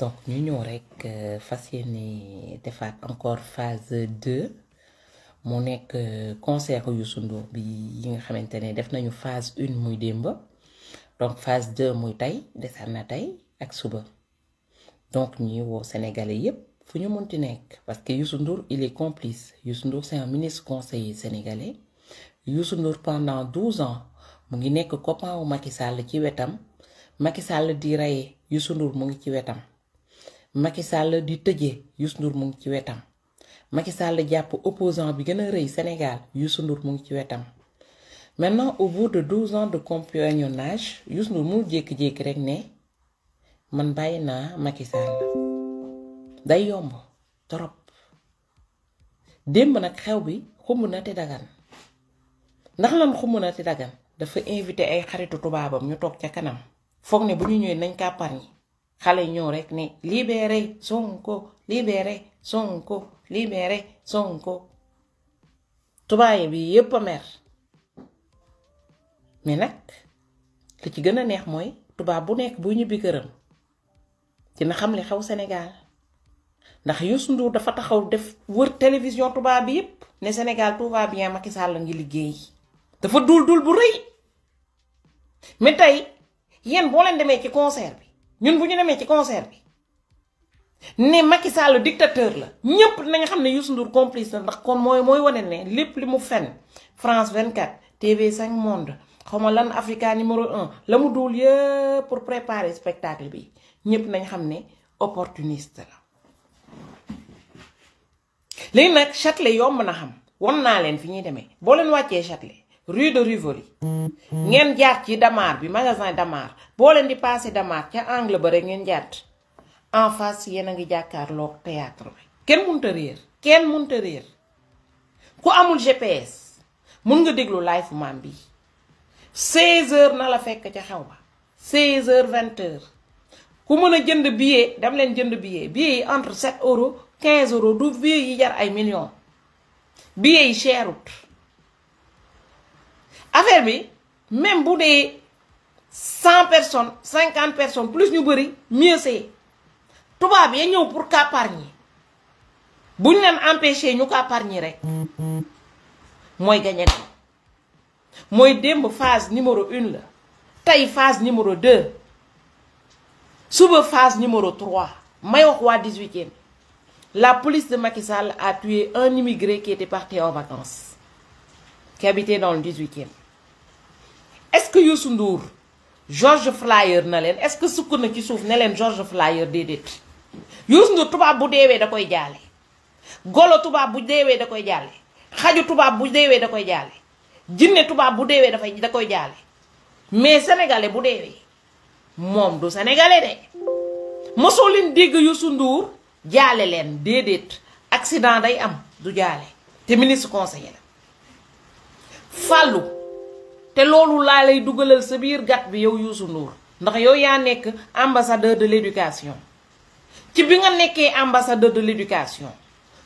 donc nous avons rek euh, encore la encore phase 2 mon conseil concert Youssou Ndour bi yi nga xamantene def nañu phase 1 muy la donc phase 2 muy tay phase na ak suba donc nous au sénégalais yépp fu ñu mënti parce que Youssou Ndour il est complice Youssou Ndour c'est un ministre conseiller sénégalais Youssou Ndour pendant 12 ans mo ngi nek copain wu Macky Sall ci wétam Macky Sall di reye Youssou Ndour mu ngi ci wétam Macky Sall di tëjee Youssou Ndour mu ngi ci wetam Macky Sall jàpp opposant bi gën a rëy Sénégal Youssou Ndour mu ngi ci wetam maintenant au bout de douze ans de compagnonnage Youssou Ndour mu jékki-jékki rek ne man bàyyi naa Macky Sall day yomb trop démb nag xew bi xumb na te dagan ndax lan xumb na te dagan dafa invité ay xaritu tubaabam ñu toog ca kanam foog ne bu ñu ñëwee nañ kàppar ñi xale ñëw rek ne libéré Sonko libéré Sonko libéré Sonko tubaaye bi yépp a mer mais nag li ci gën a neex mooy tubaab bu nekk bu ñibbi këram dina xam li xew Sénégal ndax Youssou Ndour dafa taxaw def wër télévision tubaab bi yépp ne Sénégal tout va bien Macky Sall la ngi liggéey dafa dul dul bu rëy mais tey yéen boo leen demee ci concert bi ñun bu ñu demee ci concert bi ne Macky Sall dictateur la ñëpp na nga Youssou Ndour complice ndax kon moy moy wone né France 24 TV 5 Monde xawma lan numéro 1, lamu mu duul pour préparer spectacle bi ñëpp nañ xam ne opportuniste la. léegi nag Châtelet yomb na xam won naa leen fi ñuy démé bo len Châtelet rue de Rivoli ngeen jaar ci Damar bi magasin Damar boo leen di passé Damar ca angle ba rek ngeen jaat en face yéen a ngi jàkkaarloog théâtre bi kenn munta réer kenn munta réer ku amul GPS mun nga déglu live maam bi 16h na la fekk ca xew ba 16h 20h ku mën a jënd billet dem leen jënd billet billet yi entre 7 euros 15 euros du billet yi jar ay millions billet yi cherut affaire bi même boudé 100 personnes 50 personnes plus ñu bari mieux c'est touba bi ñeu pour capargne buñ len empêcher ñu capargne rek moy gagner moy demb phase numéro 1 la tay phase numéro 2 suba phase numéro 3 may wax wa 18e la police de Macky Sall a tué un immigré qui était parti en vacances qui habitait dans le 18e. Est-ce que Youssou Ndour George Flyer na est-ce que ce qui souffre, suuf ne George Flyer déedéet Youssou Ndour vas bouder deewee da koy golo tubaab de deewee da koy jaale tu vas bouder deewee da koy jaale jinne tubaab dafay da koy mais sénégalais bu deewee du sénégalais de mosoo leen dégg Youssou Ndour jaale leen déedéet accident day am du jaale te ministre conseiller Falo, té lolou laa lay sebir, sa bir gat bi yow yousou Ndour ambassadeur de l'éducation ci bi nga ambassadeur de l'éducation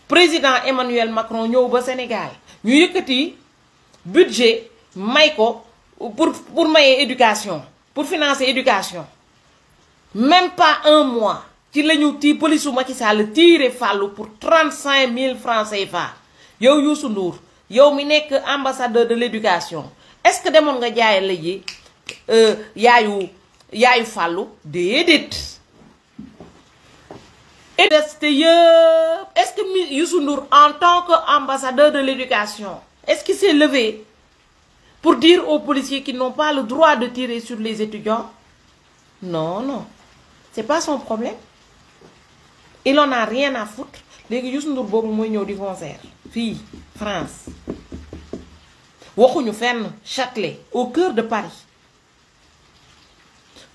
président Emmanuel Macron yo ba Sénégal ñu yëkëti budget may ko pour pour maye éducation pour financer éducation même pas un mois ci la ti tii qui Macky Sall tirer pour 35 000 francs CFA yow yousou yow mi ambassadeur de l'éducation est-ce que demoon nga jaay la ji euh, yaayu yaayu fàllu est-ce que mi en tant qu'ambassadeur de l'éducation est-ce qu'il s'est levé pour dire aux policiers qu'ils n'ont pas le droit de tirer sur les étudiants non non Ce n'est pas son problème il n'en a rien à foutre léegi Youssou Ndour France waxuñu fenn Châtelet au cœur de Paris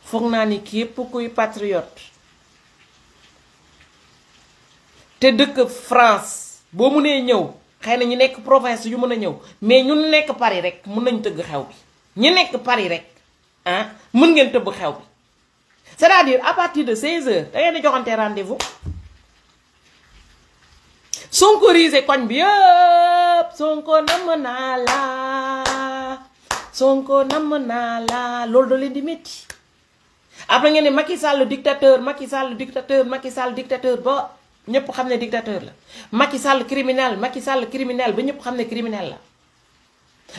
foog naa ni képp kuy patriote te dëkk France boo mu nee ñëw xëy na ñu nekk province yu mën a ñëw mais ñu nekk Paris rek mun nañ tëgg xew bi ñi nekk Paris rek ah mun ngeen tëbb xew bi c'est-à-dire à partir de 16 heures da ngeen di joxante rendez-vous sonkoriser koñ bi yëpp yëpp Sonko namm naa la Sonko namm naa la loolu da leen di métti après ngeen ne Macky Sall dictateur Macky Sall dictateur Macky Sall dictateur ba ñëpp xam ne dictateur la Macky Sall criminel Macky Sall criminel ba ñëpp xam ne criminel la.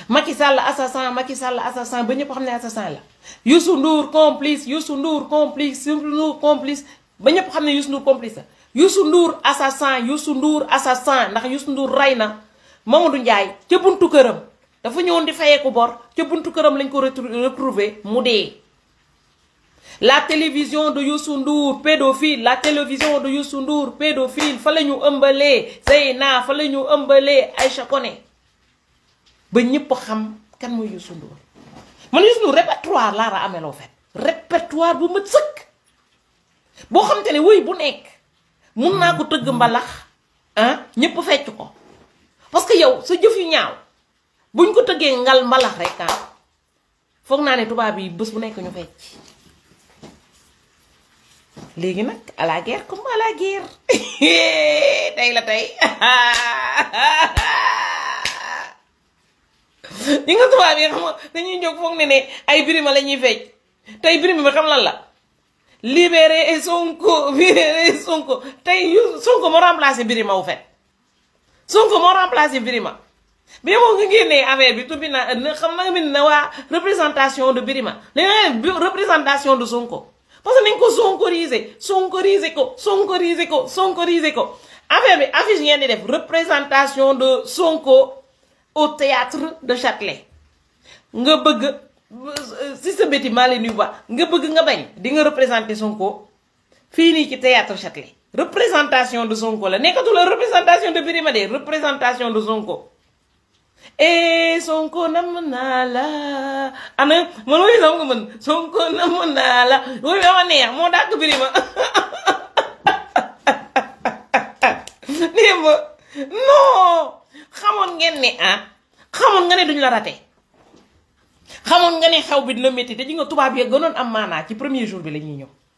Macky Sall assassin Macky Sall assassin ba ñëpp xam ne assassin la Youssou Ndour complice Youssou Ndour complice Youssou Ndour complice ba ñëpp xam ne Youssou Ndour complice la Youssou Ndour assassin Youssou Ndour assassin ndax Youssou Ndour rey na. Mamadou Ndiaye ci buntu keureum dafa ñëwoon di ko bor ci buntu keureum lañ ko retrouver retrouvé la télévision de Youssou pédophile la télévision de Youssou Ndour pédophile fa nous ëmbalé Zeyna fa lañu ëmbalé Aïcha Koné ba ñëpp xam kan mooy Youssou Ndour man Youssou Ndour répertoire la ra répertoire bu il bo xam ne bu nekk mën na ko mbalax ah ñëpp fecc ko parce que yow sa jëf yu ñaaw buñ ko tëggee ngal mbalax rek ah foog naa ne tubaab yi bés bu nekk ñu fecc léegi nag à la guerre comme à tey la tey ñi nga tubaab yi xam nga dañuy jóg foog ne ne ay birima la ñuy fecc tey birima bi xam lan la libéré Sonko libéré Sonko tey Sonko moo remplacé birima wu fet Sonko moo biri ma bi moo ngi génnee affaire bi tubbi na na xam na na waa représentation de biri Birima léegi nga représentation de Sonko parce que nañ ko sonkoriser sonkoriser ko sonkoriser ko sonkoriser ko affaire bi affiche ngeen di def représentation de Sonko au théâtre de Châtelet nga bëgg si sa béti maa leen ba nga bëgg nga bañ di nga représenter Sonko fii nii ci théâtre Châtelet représentation de Sonko la la représentation de Birima de représentation de Sonko eh Sonko na naa la ana mon woy sam ko mën Sonko namm naa la woy dama neex moo dak Birima nee ma non xamoon ngeen ne ah xamoon nga ne duñ la raté xamoon nga ne xaw bi na métti te ji nga tubaab ya gënoon am ci premier jour bi la ñëw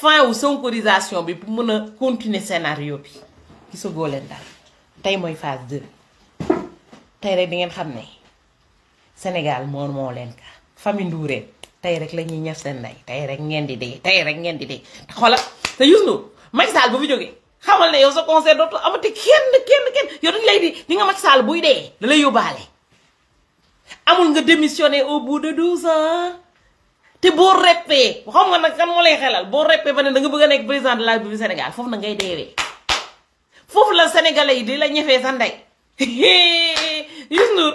fin wu sonkorisation bi pour mën a continuer scénario bi gisagoo leen daal tey mooy phase deux tey rek di ngeen xam ne Sénégal moo moo leen ka famille Ndourène tey rek la ñuy ñaf seen ndey tey rek ngeen di dee tey rek ngeen di dee xoolal te Youssou Ndour Macky Sall bu fi jógee xamal ne yow sa concert dootul amati kenn kenn kenn yow dañu lay di di nga Macky Sall buy dee da lay yóbbaale amul nga démissionné au bout de 12 ans. té bo répé xam nga nak kan mo lay xélal bo répé bané da nga bëgg nek président de la République Sénégal fofu na ngay déwé fofu la sénégalais yi di la ñëfé sa nday Youssou Ndour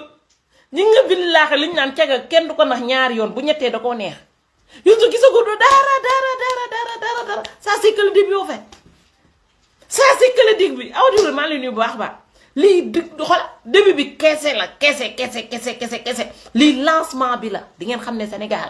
ñi nga bind laaxe li ñu naan caga kenn du ko nax ñaar yoon bu ñettee da ko neex Youssou Ndour do dara dara dara dara dara dara ça c'est que le début au fait ça c'est que le début auditeurs maa ngi lay nuyu bu baax ba li di xool début bi kessé la kessé kessé kessé kessé kessé li lancement bi la di ngeen xamné Sénégal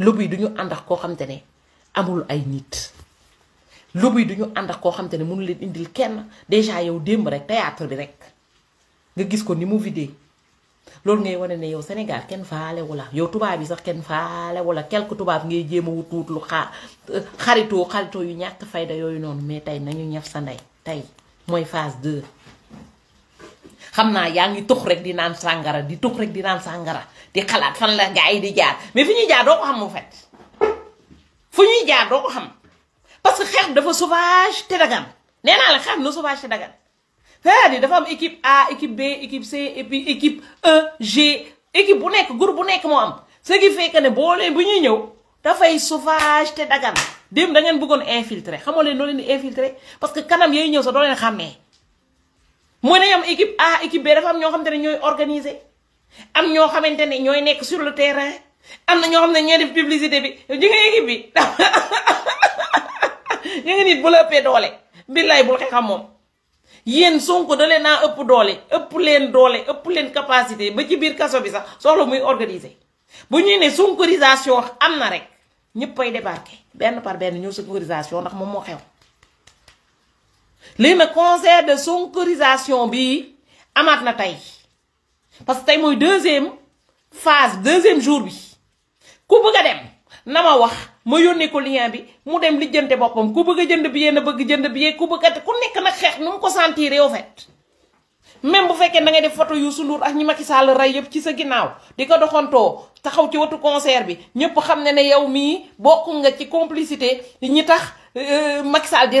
lobby yi du ñu ànd ak koo xamante ne amul ay nit lobby yi du ñu ànd ak koo xamante ne mënu leen indil kenn déjà yow démb rek théâtre bi rek nga gis ko ni mu vidé loolu ngay wane ne yow Sénégal kenn faale wu la yow tubaab yi sax kenn faale wu la quelque tubaab ngay jéem a wut wut lu xaar euh, xaritoo yu ñàkk fayda yooyu noonu mais tey nañu ñaf sa ndey tey mooy phase 2 xam naa yaa ngi tux rek di naan sàngara di tux rek di naan sàngara di xalaat fan la gaa yi di jaar mais fi ñuy jaar doo ko xam mu fet fu ñuy jaar doo ko xam parce que xeex dafa sauvage te dagan nee naa la xeex na sauvage te dagan c'est-à-dire dafa am équipe A équipe B équipe C et puis équipe E G équipe bu nekk groupe bu nekk moo am ce qui fait que ne boo leen bu ñuy ñëw dafay sauvage te dagan dem da ngeen bëggoon infiltrer xamoo leen noo leen di infiltrer parce que kanam yooyu ñëw sa doo leen xàmmee mooy ne am équipe A équipe B dafa am ñoo xam te ne ñooy organiser am ñoo xamante ne ñooy nekk sur le terrain am na ñoo xam ne ñooy def bi di nga équipe bi ñu ngi nit bu la ëppee doole billaay bul xeexam moom yéen Sonko da leen naa ëpp doole ëpp leen doole ëpp leen capacité ba ci biir kaso bi sax soxla muy organiser bu ñuy ne sonkorisation am na rek ñëpp ay débarqué benn par benn ñëw sonkorisation ndax moom moo xew lii nag concert de sonkorisation bi amaat na tey parce que c'est deuxième phase deuxième jour bi ku bëgg a dem na wax ma yónnee ko lien bi mu dem lijjante de bie, bëgg a jënd billet na bëgg jënd de a ko sentir même bu da photo Youssou Ndour ak ñi Macky de rey ci sa ginnaaw de de taxaw ci concert bi complicité ñi tax euh, di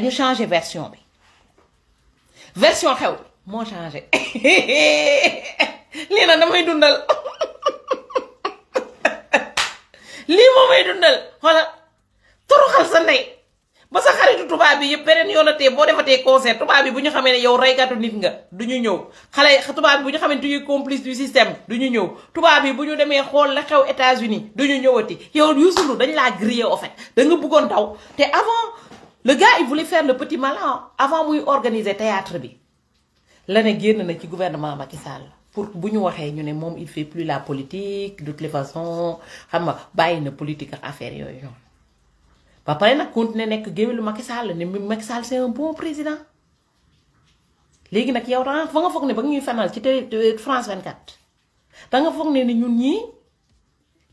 nous changer version version xew mo changé lii nag damay dundal Li mo may dundal toroxal sa ba sa xaritou bi yepp benen concert bi ne yow nit nga du bi complice du système duñu ñëw bi buñu démé xol la xew États-Unis du yow Youssou dañ en fait da nga bëggon avant le gars il voulait faire le petit malin avant muy organiser théâtre bi la ne na ci gouvernement Macky Sall pour bu ñu ñu ne moom il fait plus la politique de toutes les façons xam nga bàyyi na politique ak affaire yooyu noonu ba pare nag continuer nekk géwélu Macky Sall ne Macky Sall c'est un bon président léegi nag yow da nga foog ne ba ñuy fanal ci télé euh, France 24 da nga foog ne ni ñun ñii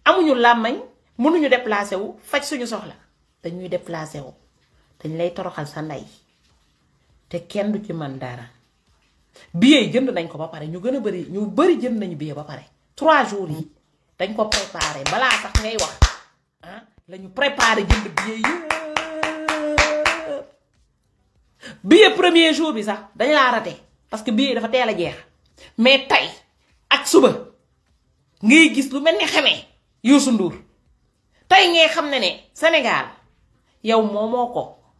amuñu làmmañ mënuñu déplacé wu faj suñu soxla dañuy déplacé wu. dañ lay toroxal sa ndey te kenn du ci man dara billet yi jënd nañ ko ba pare ñu gën a bari ñu bari jënd nañu billet ba pare trois jours yi dañ ko préparé balaa sax ngay wax lañu ah, la ñu préparé jënd billet yi billet premier jour bi sax dañ laa rate parce que billet yi dafa teel a jeex mais tey ak suba ngay gis lu mel ni xamee Youssou Ndour tey ngay xam ne ne Sénégal yow moomoo ko.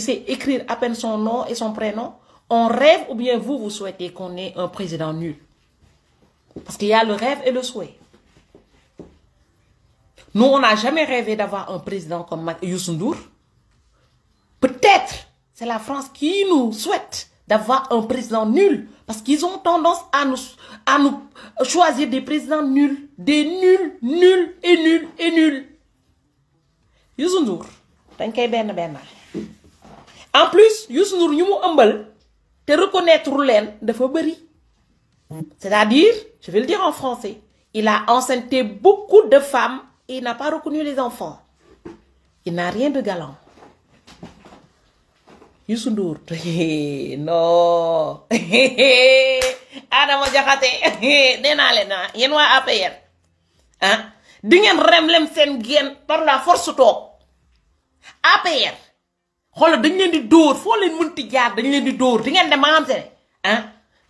c'est écrire à peine son nom et son prénom, on rêve ou bien vous, vous souhaitez qu'on ait un président nul. Parce qu'il y a le rêve et le souhait. Nous, on n'a jamais rêvé d'avoir un président comme Youssou Peut-être, c'est la France qui nous souhaite d'avoir un président nul. Parce qu'ils ont tendance à nous, à nous choisir des présidents nuls. Des nuls, nuls et nuls et nuls. Youssou Ndour, ben ben en plus Youssou Ndour ñu mu ëmbal te reconnaître leen dafa bëri c'est-à-dire je vais le dire en français il a enceinté beaucoup de femmes et il n'a pas reconnu les enfants il n'a rien de galant Youssou Ndour non Adama Jaxate nee naa leen ah yéen ah di ngeen remlem sen par la force toog APR xoolal dañ leen di dóor foo leen mënti jaar dañ leen di dóor di ngeen de maam se ah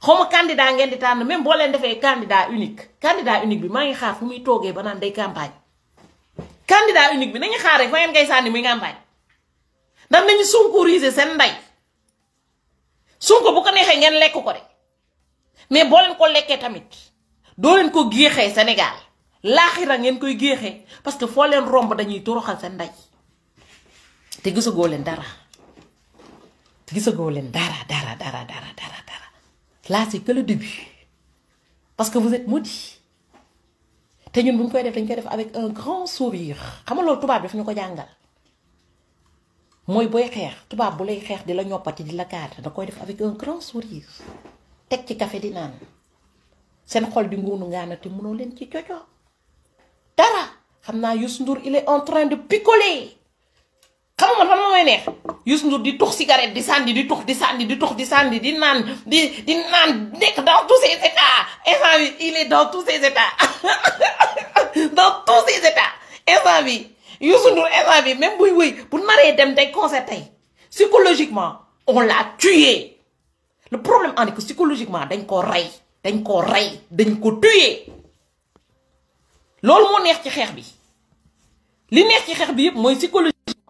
xaw ma ngeen di tànn même boo leen defee candidat unique candidat unique bi maa ngi xaar muy toogee ba naan campagne candidat unique bi nañu xaar rek fa ngeen koy sànni muy campagne ndax nañu sunkuriser seen ndey sunko bu ko neexee ngeen lekk ko de mais boo leen koo lekkee tamit doo leen koo géexee Sénégal laaxira ngeen koy géexee parce que foo leen romb dañuy toroxal seen ndey te dara te dara dara dara dara dara dara là c'est que le début parce que vous êtes maudits te ñun bu koy def avec un grand sourire xam bu lay la la da avec un grand sourire ci café di xol di te ci dara il est en train de picoler xam nga fan mooy neex Youssou Ndour di tux cigarette di sandi di tux di sandi di tux di sandi di nan di di nan nek dans tous ses états et il est dans tous ses états dans tous ses états instant bi Youssou Ndour instant même buy wëy pour naree dem tey concert tey psychologiquement on l'a tué le problème en est que psychologiquement dañ ko ray dañ ko ray dañ ko tué lolou mo neex ci xex bi li neex ci xex bi yëpp moy psychologie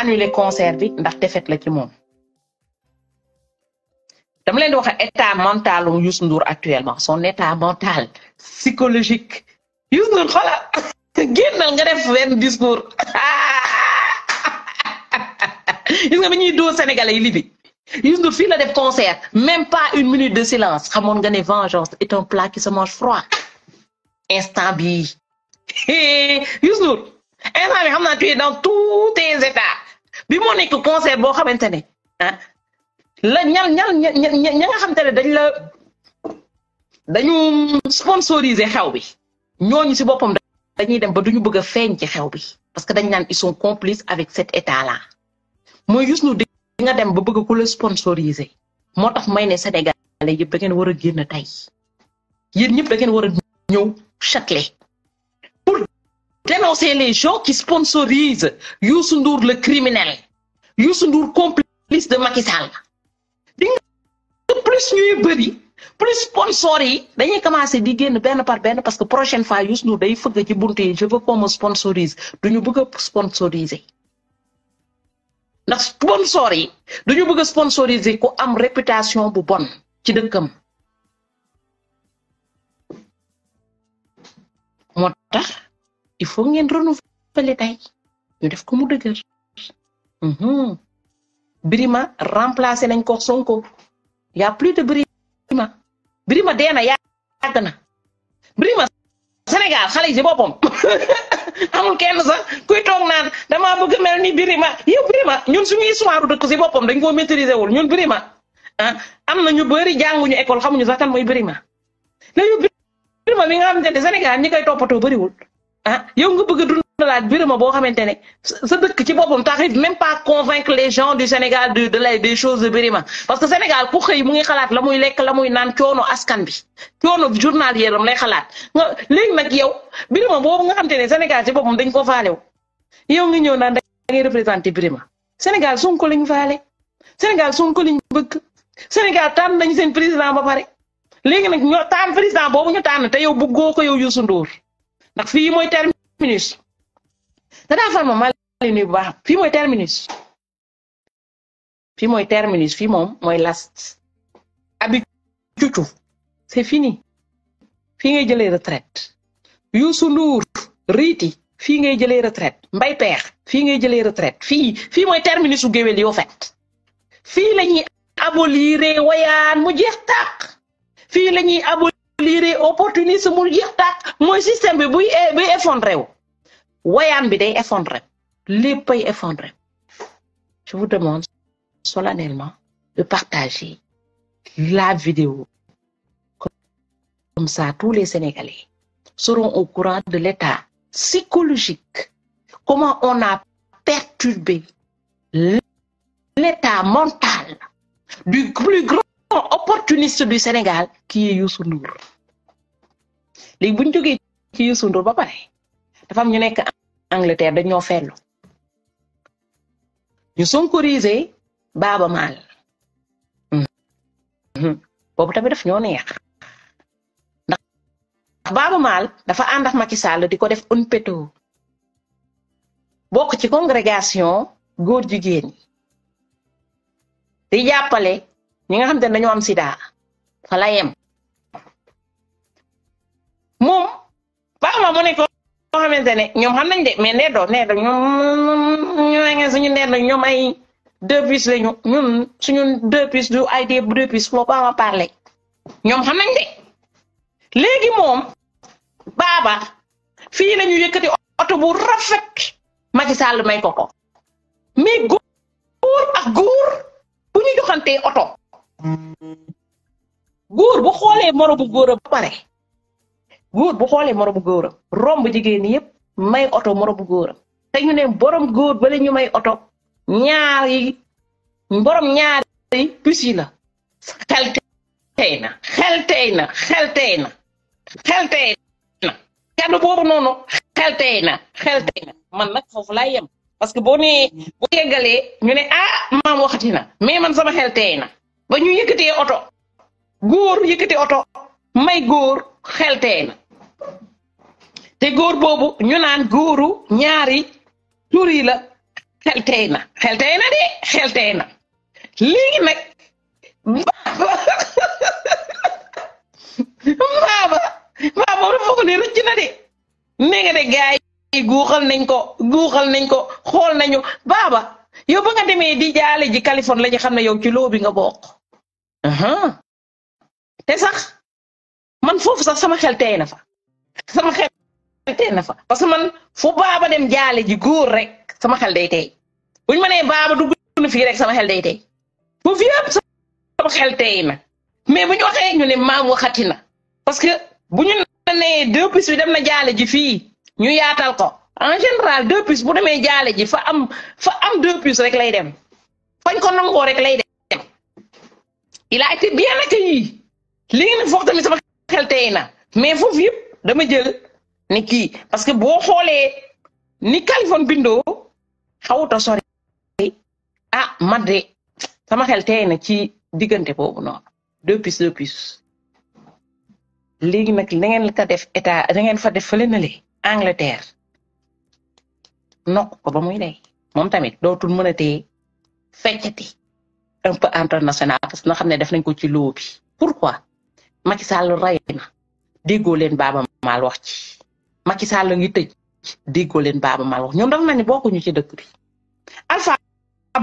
annuler concert bi ndax defet la ci moom dama len di wax état mental um Youssou Ndour actuellement son état mental psychologique Youssou Ndour xala gennal nga def discours gis nga bi do sénégalais yi li bi Youssou Ndour fii la def concert même pas une minute de silence xamone nga né vengeance est un plat qui se mange froid instant bi Youssou Ndour instant bi xam tu es dans tous tes états bi moo nekk conseil boo xamante ne ah la ñal ñal ña nga xamante ne dañ la dañu sponsoriser xew bi ñooñu si boppam dañuy dem ba duñu bëgg a feeñ ci xew bi parce que dañ naan ils sont complices avec cet état là mooy juste nu di nga dem ba bëgg ku la sponsoriser moo tax may ne Sénégalais yëpp da ngeen war a génn tey yéen ñëpp da ngeen war a ñëw châtelet dénoncer les gens qui sponsorisent Youssou Ndour le criminel Youssou Ndour complice de Macky Sall plus plus ñuy bëri plus sponsor on dañuy commencé di génn ben par ben parce que prochaine fois Youssou Ndour faut que ci bonté. je veux qu'on me sponsorise du ñu bëgg sponsoriser La sponsor yi du sponsoriser, bëgg a sponsoriser réputation bu bon ci dëkkam moo il faut ngeen renouveler tey ñu def ko mu dëgër. Mhm. ma remplacé nañ ko Sonko y a plus de Birima Birima dee na yàgg na Birima Sénégal xale yi si boppam amul kenn sax kuy toog naan damaa bëgg mel ni Birima yow Birima ñun suñu histoire dëkk si boppam dañ koo maîtriser wul ñun Birima ah am na ñu bëri jànguñu école xamuñu sax kan mooy Birima léegi Birima mi nga xamante ne Sénégal ñi koy toppatoo bëriwul. ah yow nga bëgg a dundalaat Birima boo xamante ne sa dëkk ci boppam t'arrives même pas convaincre les gens du Sénégal de de la des choses de Birima parce que Sénégal ku xëy mu ngi xalaat la muy lekk la muy naan coono askan bi coono journalier lam lay xalaat nga léegi nag yow Birima boobu nga xamante ne Sénégal ci boppam dañ ko faalew yow nga ñëw naan da ngay représenté Birima Sénégal Sonko lañ faale Sénégal Sonko lañ bëgg Sénégal tànn nañ seen président ba pare léegi nag ñoo tànn président boobu ñu tànn te yow bëggoo ko yow Youssou Ndour ndax fii mooy terminus dadaa far ma maa lay nuyu bu baax fii mooy terminus fii mooy terminus fii moom mooy last abi cucu c'est fini fii ngay jëlee retraite Youssou Ndour riiti fii ngay jëlee retraite mbay peex fii ngay jëlee retrait fii fii mooy terminus su géwél yoo fet fii la ñuy abolir mu jeex tàq fii la ñuy liré opportuniste mon système bi e-, effondré effondré je vous demande solennellement de partager la vidéo comme ça tous les Sénégalais seront au courant de l'état psychologique comment on a perturbé l'état mental du plus grand opportuniste du Sénégal ki est Youssou Ndour léegi bu ñu jógee ci Youssou Ndour ba pare dafa am ñu nekk Angleterre dañoo fellu ñu sonkorisé Baaba Maal mhm. boobu tamit daf ñoo neex ndax Baaba Maal dafa ànd ak Macky Sall di ko def un péto bokk ci congrégation góor jigéen di jàppale ñi nga xam te ne dañoo am sida fa yem moom baax ma bu nekk loo xamante ne ñoom xam nañ de mais ndeddo ndeddo ñoom ñoo suñu ndeddo ñoom ay deux puces la ñu ñun suñu deux puces du ay des deux puces foofu ba ma parler ñoom xam nañ de léegi moom baaba fii la ñu yëkkati oto bu rafet Macky Sall may ko ko mais góor ak bu ñu joxantee oto góor bu xoolee moromu góoram ba pare góor bu xoolee moromu góoram romb jigéen ñi yëpp may oto bu góoram te ñu ne borom góor bala ñu may oto ñaari boroom borom ñaar yi pus la xel tey na xel tey na xel na xel tey na kaddu boobu noonu xel na xel na man nag foofu laay yem parce que boo nee boo yeggalee ñu ne ah maam waxati na mais man sama xel na. ba ñu yëkkatee oto góor yëkkati oto may góor xeltee na te góor boobu ñu naan góoru ñaari tur yi la xeltee na xeltee na de xeltee na léegi nag baaba baaba baaba dafa ko ne rëcc na de ne de gaay guuxal nañ ko guuxal nañ ko xool nañu baaba yow ba nga demee di jaale ji Californie la ñu xam ne yow ci loo bi nga bokk te sax man foofu sax sama xel tey na fa sama xel tey na fa parce que man fu baaba dem jaale ji góor rek sama xel day tey buñu ma nee baaba dugg na rek sama xel day tey foofu xel tey na mais bu ñu waxee ñu ne maam waxati na parce que bu ñu nee deux bis bi dem na jaale ji fii ñu yaatal ko. en général deux puces bu demee jaale ji fa am fa am deux puces rek lay dem fañ ko nangoo rek lay dem il a été bien accueilli li ngeen tamit sama xel tey na mais foofu yëpp dama jël ni ki parce que boo xoolee ni Kaliphone bindoo xawut a sori ah mat de sama xel tey na ci diggante boobu noonu deux puces deux puces léegi nag na ngeen ko def état na ngeen fa def fa fële na le Angleterre. nokk ko ba muy ne moom tamit dootul mën a tee feccati un peu international parce que nga xam ne def nañ ko ci loo bi pourquoi Macky Sall rey na déggoo leen Baaba Maal wax ci Macky ngi tëj déggoo leen Baaba Maal wax ñun daf na ni ñu ci dëkk bi Alpha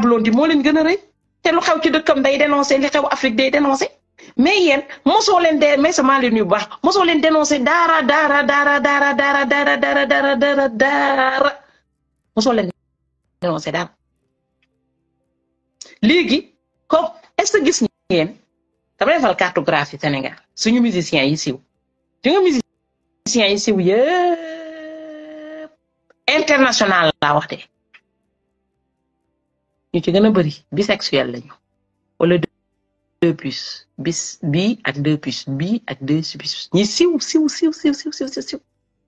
Blondy moo leen gën a rëy te lu xew ci dëkkam day dénoncé li xew Afrique day dénoncé mais yéen mosoo leen dee mais sama leen yu baax mosoo leen dénoncé daara daara daara daara daara daara daara daara daara mosoo leen est-ce que cartographie international la wax bisexuel deux plus, bis deux plus, Bi ak deux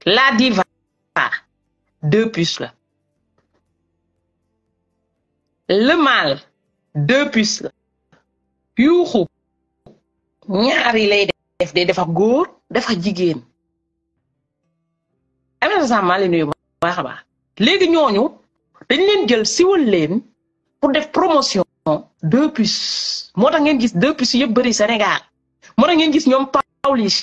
la diva deux plus le mâle deux puces la yuuxu ñaar yi lay def day dafa góor dafa jigéen amee sax maa leen nuyu bu baax a baax léegi ñooñu dañ leen jël siwal leen pour def promotion deux puces moo tax ngeen gis deux puces yëpp bëri Sénégal moo tax ngeen gis ñoom Pawlish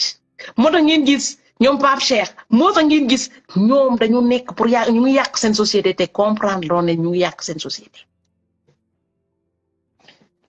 moo tax ngeen gis ñoom Pape Cheikh moo tax ngeen gis ñoom dañu nekk pour yàq ñu ngi yàq seen société te comprendre loo ne ñu ngi yàq seen société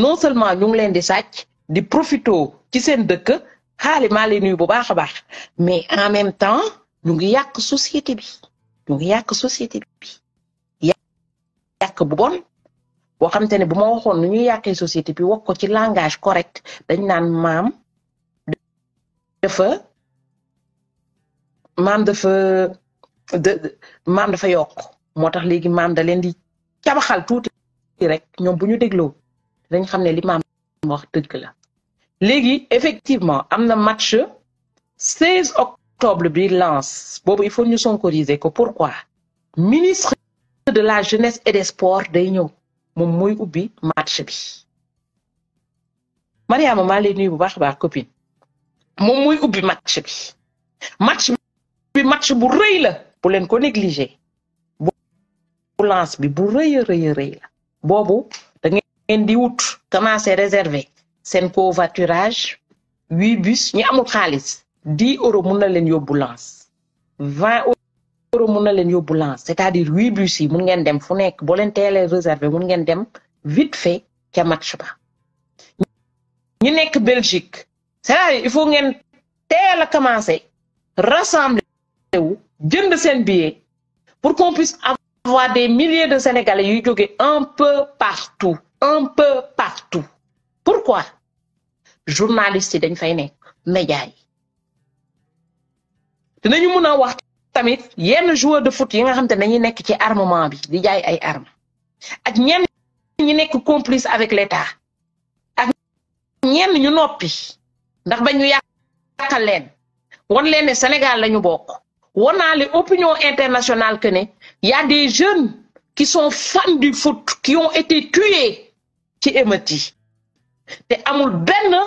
non seulement ñu ngi leen di sàcc di profito ci seen dëkk xaalima maa lay nuyu bu baax a baax mais en même temps ñu ngi yàq société bi ñu ngi yàq société bi yàq bu bon boo xam te ne bu ma waxoon nu ñuy yàqee société bi wax ko ci langage correct dañ naan maam dafa maam dafa de maam dafa yokk moo tax léegi maam da leen di cabaxal tuuti rek ñoom bu ñu dégloo dañ xamné l'imam wax dëgg la effectivement amna match 16 octobre bi lance bobu il faut ñu synchroniser ko pourquoi ministre de la jeunesse et des sports day ñëw mom moy ubi match bi Mariama maa lay nuyu bu baax baax copine mom moy ubi match bi match bi match bu reuy la pour len ko négliger bu lance bi bu reuy reuy reuy la bobu et août, comment c'est réservé C'est un co-vaturage, 8 bus, 10 euros, pour les a 20 euros, pour les a C'est-à-dire 8 bus, il y a des fonds, les vous avez réservé, réserver y a vite fait, qui ne marche pas. Il Belgique. cest à faut que vous commencez à rassembler, d'une de ces billets, pour qu'on puisse avoir des milliers de Sénégalais qui un peu partout un peu partout pourquoi journaliste yi dañ fay nekk média yi dinañu mën a wax tamit yenn joueur de foot yi nga xam te dañuy nekk ci armement bi di jaay ay armes ak ñenn ñi nekk complice avec l'État ak ñenn ñu noppi ndax ba ñu yàqal leen wan leen ne Sénégal la ñu bokk wan naa le opinion internationale que ne y a des jeunes qui sont fans du foot qui ont été tués ci me té et amul Benne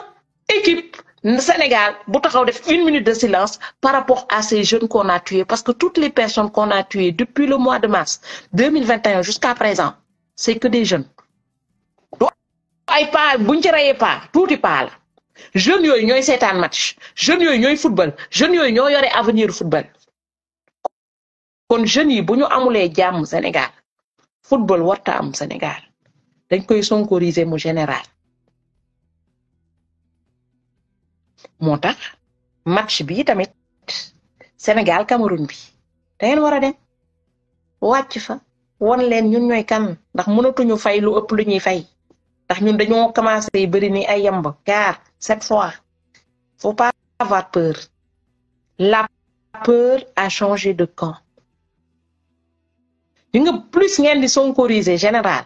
équipe Sénégal bu taxaw une minute de silence par rapport à ces jeunes qu'on a tués parce que toutes les personnes qu'on a tuées depuis le mois de mars 2021 jusqu'à présent c'est que des jeunes Tout ay vous buñ ci pas. paa tuuti paa la jeunes yooyu ñooy un match jeunes ils ont football jeunes yooyu ñoo yore avenir football kon jeunes yi bu ñu amulee Sénégal football warta am Sénégal ils koy sonkoriser mon général moo match bi tamit Sénégal Cameroun bi da ngeen dem wàcc fa won ñun kan ndax fay lu ëpp lu ñuy commencé ni car cette fois faut pas avoir peur la peur a changé de camp ñu plus ngeen di général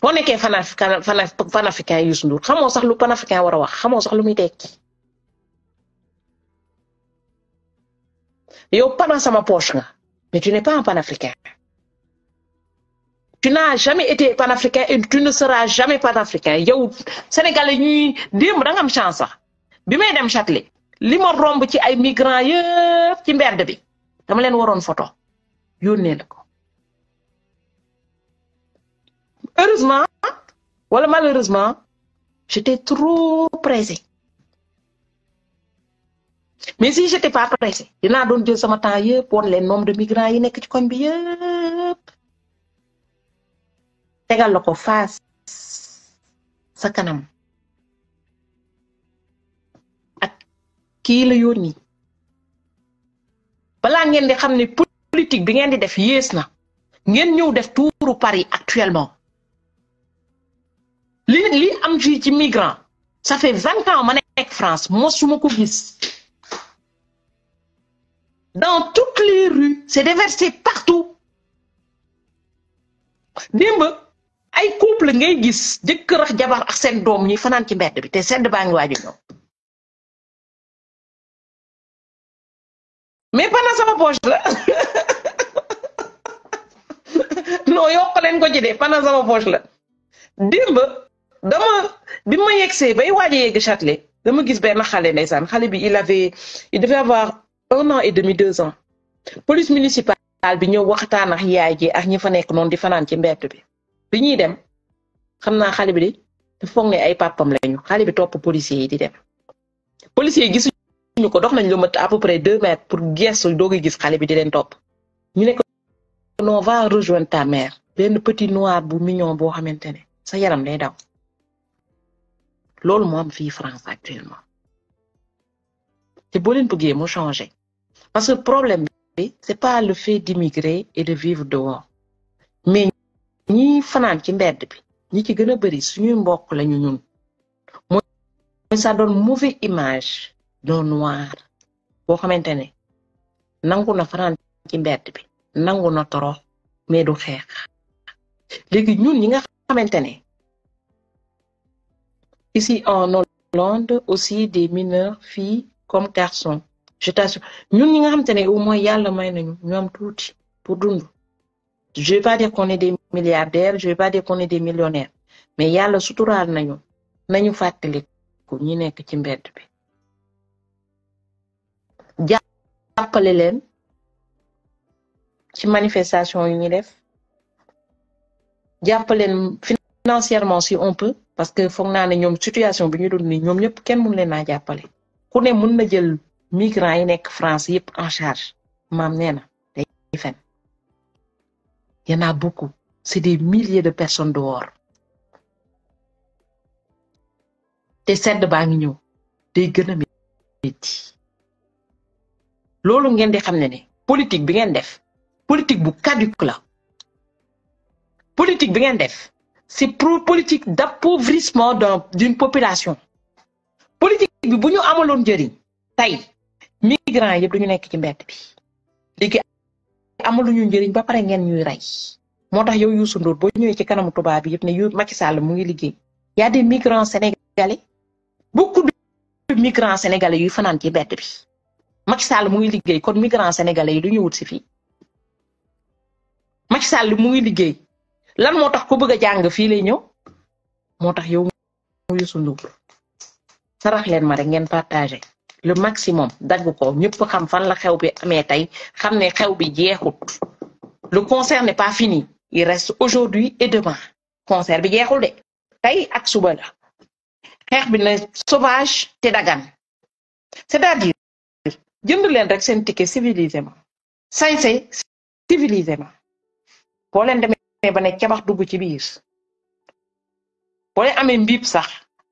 boo nekkee panafricain panafricain Youssou Ndour xamoo sax lu panafricain wara. wax xamoo sax lu muy tekki yow pana sama poche nga mais tu n'es pas un panafricain tu n'as jamais été panafricain et tu ne seras jamais panafricain yow sénégalais ñuy dem da nga am chance sax bi may dem Châtelet li mo romb ci ay migrants yëpp ci mbedd bi dama len waroon photo yónnee ko. heureusement wala malheureusement j'étais trop pressé. mais si j'étais pas pressé, il doon donc sama temps yëpp woon les nombre de migrants yi nekk ci koñ bi yëpp tegal la ko face sa kanam ak kii la yónni balaa ngeen di xam politique bi ngeen di def n'y a ngeen ñëw def tuuru Paris actuellement li li am ci ci migrant ça fait 20 ans mané avec france mo suma ko gis dans toutes les rues c'est déversé partout dimba ay couple ngay gis dekk rax jabar ak sen dom ñi fanan ci mbedd té sen ba ngi mais pas dans sa poche là non yo ko len ko ci dé pas dans sa poche là dimba dama bima ma bay wadi yegg Châtelet dama gis benn xale ndeysaan xale bi il avait il devait avoir un an et demi deux ans police municipale bi ñëw waxtaan ak yaay ji ak ñi fa nek non di fanan ci mbedd bi bi ñuy dem xamna naa xale bi de fogné ay papam lañu xale bi top policier yi di dem policier yi gisuñu ko dox nañ lu mat à peu près 2 mètres pour gestu doog a gis xale bi di len top ñu nek ko non va rejoindre ta mère ben petit noir bu mignon bo xamantene sa yaram day daw que je am France actuellement pour boo pour que changer parce que problème c'est pas le fait d'immigrer et de vivre dehors mais ni nous ci bi ni ci Nous, a bëri mbokk lañu ñun ça donne mauvaise image d'un noir Bo xamantene nangu na Nous, ci bi mais du ñun nga Ici, en Hollande, aussi des mineurs, filles comme garçons. je t'assure nous ñi nga xamante ne au moins may nañu pour nous. je ne vais pas dire qu'on est des milliardaires je ne vais pas dire qu'on est des millionnaires mais il y a yàlla suturaal nañu nous faisons ñi nekk ci mbedd bi jàppale leen ci manifestation yu Nous def appelé financièrement si on peut parce que foog naa ne ñoom situation bi ñu doon nii ñoom ñëpp kenn mun leen jappalé ku ne mun na jël migrant yi nekk France yëpp en charge maam néna na day fen y en a beaucoup c'est des milliers de personnes dehors té sedd baa ngi ñëw day gën a métti ngeen di xamné né politique bi ngeen def politique bu caduc la politique bi ngeen def c'est pour politique d'appauvrissement d'une population politique bi bu ñu amaloon njëriñ tey migrants yëpp dañu nekk ci mbedd bi léegi amaluñu njëriñ ba pare ngeen ñuy rey moo tax yow Youssou Ndour boo ñëwee ci kanamu tubaab bi yëpp ne yu Macky Sall mu ngi liggéey y a des migrants sénégalais beaucoup de migrants sénégalais yuy fanaan ci mbedd bi Macky Sall mu ngi liggéey kon migrants sénégalais yi du ñu wut si fii Macky Sall mu ngi liggéey lan motax tax ku bëgg a jàng fii lay ñew motax yow mu Youssou Ndour sarax len ma rek ngeen partager le maximum dagg ko ñepp xam fan la xew bi amé tay xamné xew bi jeexut le concert n'est pas fini il reste aujourd'hui et demain concert bi jeexul de tay ak suba la xeex bi na sauvage té dagan c'est-à-dire jënd leen rek sen ticket civilisé ma sañse civilisé ma boo leen neexee ba ne cabax dugg ci biir boo leen amee mbiib sax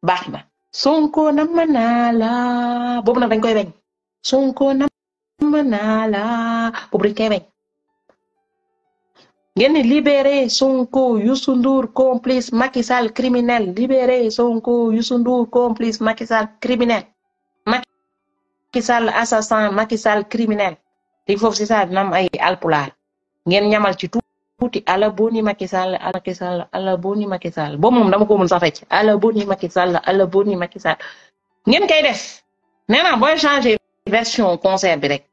baax na Sonko namm na la boobu nag dañ koy weñ Sonko namm naa la boobu dañ koy weñ ngeen ne libéré Sonko Youssou Ndour complice Macky Sall criminel libéré Sonko Youssou Ndour complice Macky Sall criminel Macky Sall assassin Macky Sall criminel léegi foofu si saa dina am ay alpulaar ngeen ñamal tuuti ala boni Macky Sall ala Macky Sall ala boni Macky Sall moom dama ko mun sax fecc ala boni Macky Sall ala boni Macky Sall ngeen koy def nee naa booy changé version concert bi rek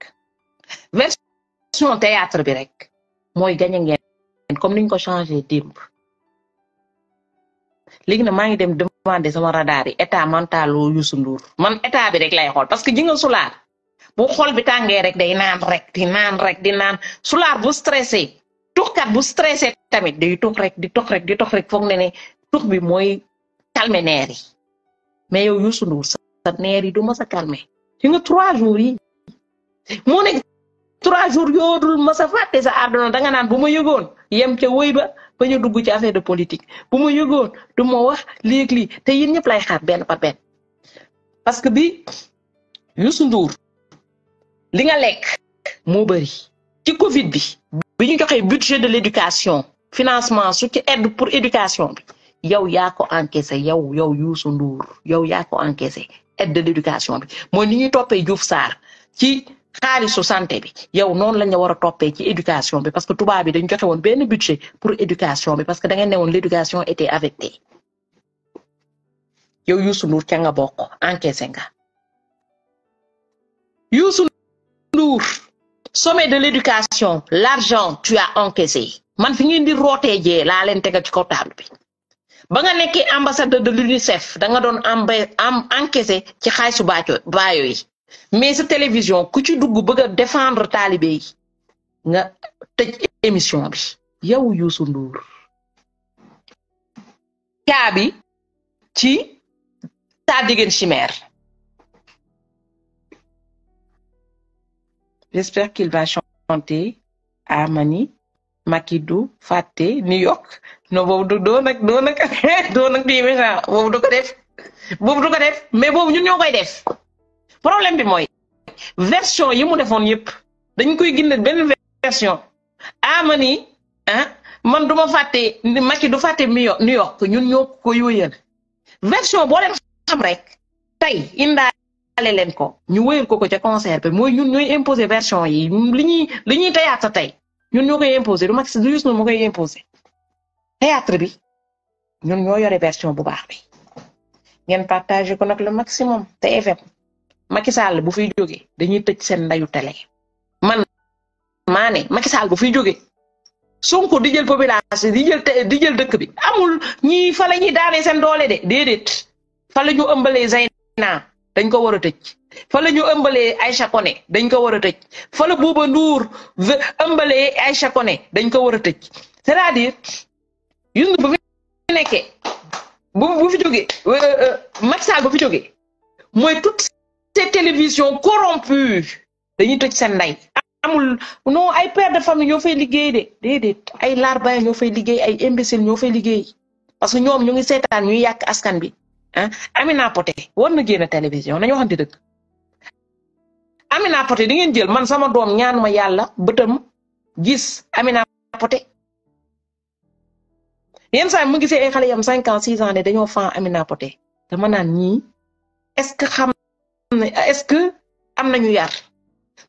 version théâtre bi rek mooy gañ ngeen comme niñ ko changé démb léegi nag maa ngi dem demander sama radar yi état mental Youssou Ndour man état bi rek lay xool parce que ji nga sulaar xol bi tàngee rek day naan rek di naan rek di naan sulaar bu stressé tuxkat bu stressé tamit day tux rek di tux rek di tux rek foog ne ne tux bi mooy calmer neer mais yow Youssou Ndour sa neer yi du mas a calmer ci nga trois jours yi moo trois jours yoo dul mas a fàtte sa àdduna danga naan bu ma yëgoon yem ca woy ba ba ñu dugg ci affaire de politique bu ma yëgoon du ma wax léeg lii te yéen ñëpp lay xaar benn par parce que bi Youssou li nga lekk moo bëri Covid bi bi ñu budget de l'éducation financement ce qui aide pour éducation yow ya ko encaissé yow yow Youssou Ndour yow ya ko encaissé aide de l'éducation bi moy ni qui toppee Diouf ci xaalisu santé bi yow non lañ la war ci éducation bi parce que touba bi dañ joxe won ben budget pour éducation bi parce que da ngeen ne l'éducation était affectée yow Youssou Ndour ca nga bokk encaissé nga Youssou Ndour sommet de l'éducation l'argent tu as encaissé man fi ngeen di rootee jee laa leen tegal ci kaw table bi ba nga nekkee ambassadeur de l'UNICEF da nga don am encaissé ci xaalisu baaco baayo yi mais sa télévision ku ci dugg bëgg défendre talibé yi nga tëj émission bi yow Youssou Ndour Kabi ci sa diggéen chimère J'espère qu'il va chanter à Amani, Makidou, Faté, New York. non vous ne pas ko def mais ñun problème bi version yi mu defoon yëpp dañ koy avons version Amani ah hein, man duma faté, Macky New York ñun version boo ale leen ko ñu wéyal ko ko ca concert mooy ñun ñooy imposer version yi li ñuy li ñuy théâtre tey ñun ñoo ko imposer du Macky du Youssou Ndour koy imposer théâtre bi ñun ñoo yore version bu baax bi ngeen partager ko nag le maximum TFM maki Sall bu fiy jógee dañuy tëj seen ndayu télé man maa ne Macky Sall bu fiy jógee Sonko di jël population di jël di jël dëkk bi amul ñi fa la ñuy daane seen doole de déedéet fa la ñu ëmbalee Zeyna dañ ko war a tëj fa la ñu ëmbalee ay Koné dañ ko war a tëj fala la Bouba Ndour ëmbalee ay Koné dañ ko war a tëj c'est-à-dire Youssou Ndour bu fi nekkee bu bu fi euh, euh, bu fi jógee mooy toutes ces télévisions corrompues dañuy tëj seen ndey amul non ay pères de famille ñoo fay liggéey de déedéet ay larbin ñoo fay liggéey ay imbéciles ñoo fay liggéey parce que ñoom ñu ngi seetaan ñuy yàq askan bi ah Amina Poté war na génn télévision nañu waxante dëgg Amina Poté di ngeen jël man sama doom ñaan ma yàlla bëtam gis Amina Poté yenn saa mu gisee ay xale yam cinq ans six ans ne dañoo fan Amina Poté dama naan ñii est-ce que xam est-ce que am nañu yar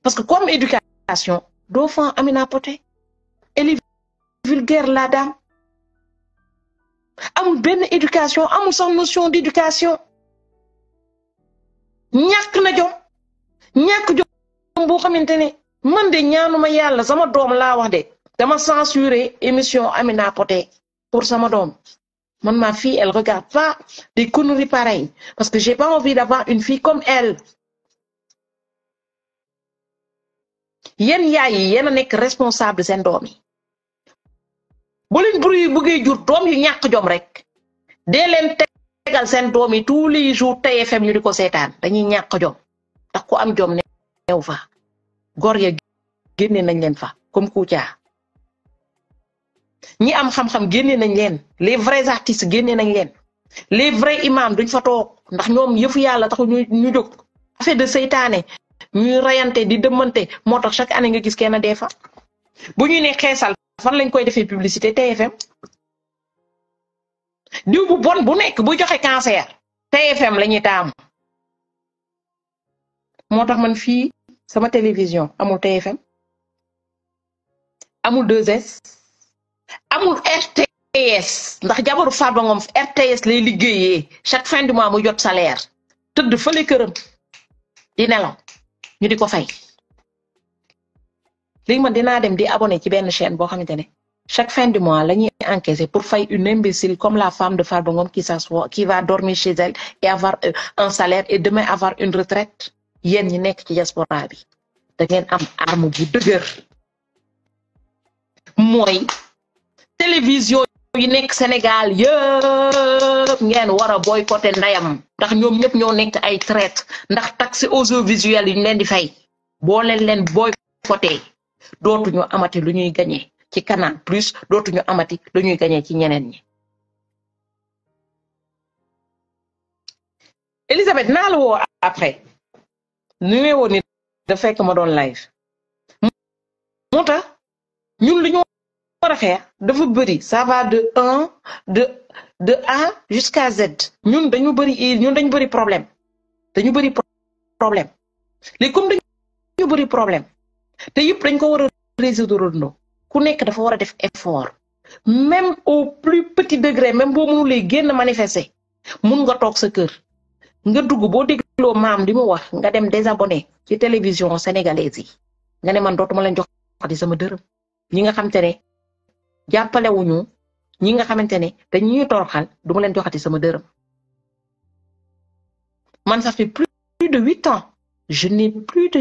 parce que comme éducation do fan Amina Poté elle est vulgaire amul ben éducation amul sax notion d'éducation. éducation na jom ñak jom bo xamante ne man de ñaanuma yalla sama dom la wax de dama censurer émission Amina Poté pour sama dom man ma fille elle regarde pas des conneries pareilles parce que j'ai pas envie d'avoir une fille comme elle Yen yaay yi nek a responsable sen dom yi bu leen bruit bëggee jur doom yu ñàkk joom rek dee leen tegal seen doom yi tous les jours TFM ñu di ko seetaan dañuy ñàkk jom ndax ku am joom jom neew fa gor ya génne nañ leen fa comme Kouthia ñi am xam-xam génne nañ leen les vrais artistes génne nañ leen les vrais imams duñ fa toog ndax ñoom yëfu yàlla taxu ñu ñu jóg affaire de seytaane ñuy rayante di dëmmante moo tax chaque année nga gis kenn dee fa bu ñu ne xeesal fan lañ koy defee publicité TFM diw bu bon bu nekk bu joxe cancer TFM la ñuy taamu moo tax man fii sama télévision amul TFM amul 2S amul RTS ndax jabaru Farba Ngom RTS lay liggéeye chaque fin du mois mu jot salaire tëdd fële këram di nelaw ñu di ko fay. léegi man dinaa dem di abonné ci benn chaîne bo xamante chaque fin du mois lañuy encaisser pour fay une imbécile comme la femme de Farba Ngom qui s'assoit qui va dormir chez elle et avoir euh, un salaire et demain avoir une retraite yéen ñi nekk ci diaspora bi da ngeen am arme bu dëgër moy télévision yi nekk Sénégal yeup ngeen wara boycotter boycotté ndayam ndax ñoom ñëpp ñoo nekk ay traite ndax taxe audiovisuel yi ñu leen di fay bo leen leen boycotter ñu amati lu ñuy gagné ci Canal Plus ñu amati lu ñuy gagné ci ñeneen ñi. Elisabeth naa la woo après nu ne woon ni da fekk ma doon live moo tax ñun li ñu war a xeex dafa bëri ça va de un de de A jusqu'à Z ñun dañu bëri ñun dañu bëri problème dañu bëri problème léegi comme dañu bëri problème te yëpp dañ ko war a résoudre no ku nekk dafa war a def effort même au plus petit degré même boo mënulee génn manifester mun nga toog sa kër nga dugg boo dégloo maam li mu wax nga dem désabonné ci télévision sénégalaise yi nga ne man dootuma leen jox di sama dërëm ñi nga xamante ne jàppalewuñu ñi nga xamante ne dañuy toroxal duma leen joxati sama dërëm man ça fait plus de huit ans je n'ai plus de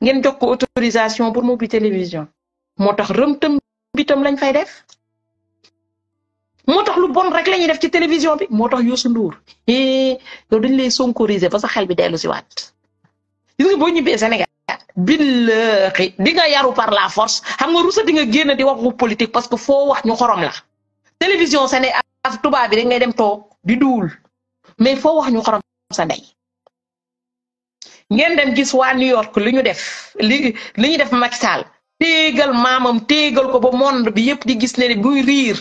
ngeen jox ko autorisation pour mobile télévision motax tax bitam lañ fay def motax lu bon rek la def ci télévision bi motax yo su Ndour do duñ lay sonkoriser ba sa xel bi delu ci wat gis nga boo Sénégal billahi di nga yaru par la force xam nga rusa di nga génné di wax politique parce que fo wax ñu xorom la télévision Sénégal tuba bi rek ngay dem tok di doul mais fo wax ñu xorom sa ndey ngeen dem gis waa New York li ñu def li li ñu def Macky Sall téegal maamam téegal ko ba monde bi yëpp di gis ne guy riir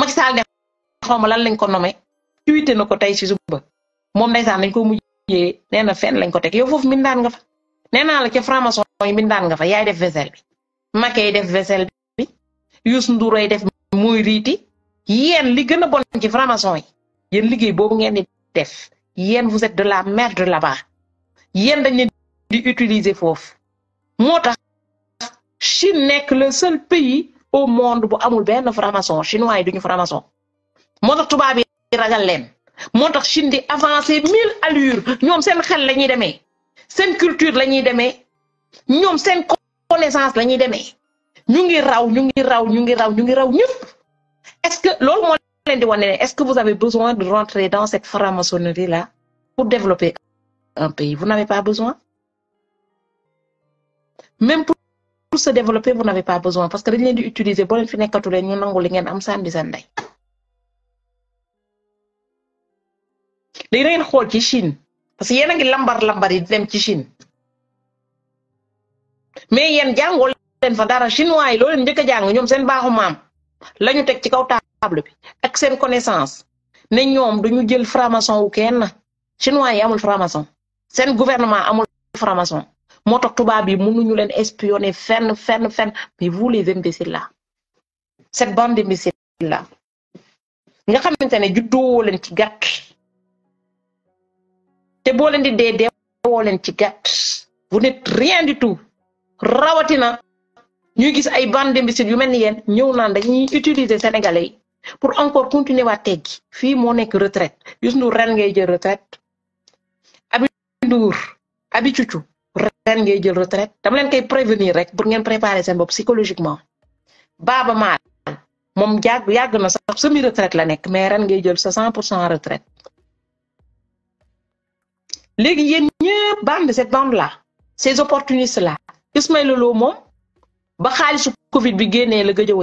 Macky Sall ne xaw ma lan lañ ko nommé tuité na ko tey ci ba moom ndeysaan dañ ko mujjee nee na fenn lañ ko teg yow foofu mbindaan nga fa nee naa la ca franc-maçon yi mbindaan nga fa yaay def vaisselle bi Macky def vaisselle bi Youssou Ndour ay def muy riiti yéen li gën a bon ci franc-maçon yi yéen liggéey boobu ngeen di def yéen vous êtes de la merde là-bas yéen dañ leen di utiliser fof motax Chine nek le seul pays au monde bu amul benn franc-maçon chinois yi duñu franc-maçon moo tax tubaab ragal leen motax Chine di avancer mille allures ñom sen xel lañuy démé sen culture lañuy démé ñom sen connaissance lañuy démé ñu ngi raw ñu ngi raw ñu ngi raw ñu ngi raw ñëpp est-ce que lool mo leen di wone est-ce que vous avez besoin de rentrer dans cette franc-maçonnerie là pour développer pays. Vous n'avez pas besoin. Même pour, se développer, vous n'avez pas besoin. Parce que vous avez utilisé, vous avez vous les qui Chine parce que a lambar dem Chine mais len fa dara chinois yi seen baaxu la tek ci kaw table bi ak seen connaissance jël chinois c'est le gouvernement amul franc-maçon moo a tubaab yi nous espionner fenn fenn fenn mais vous les imbéciles là cette bande d'imbéciles là nga xamantene ne juddoo ci gatt té boo di dédé ci gatt vous n'êtes rien du tout rawatina ñu gis ay bande d'imbéciles yu melni yeen yéen naan dañuy utiliser sénégalais pour encore continuer wa teggi fi mo nek retraite gis nous ren ngay jël retraite Ndour Abi Cucu ren ngay jël retraite dama len kay prévenir rek pour ngeen préparer sen bopp psychologiquement Baaba Maal moom yàgg yàgg na sax semi retraite la nek mais ren ngay jël 100% retraite légui yeen ñepp bande cette bande là ces opportunistes là Ismaïla Lo mom ba xaalisu Covid bi génnee la gëj a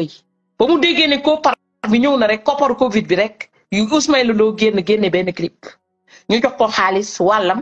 ba mu déggé né ko par bi ñëw na rek kopparu Covid bi rek yu Ismaïla Lo génn génne ben clip ñu jox ko xaalis walam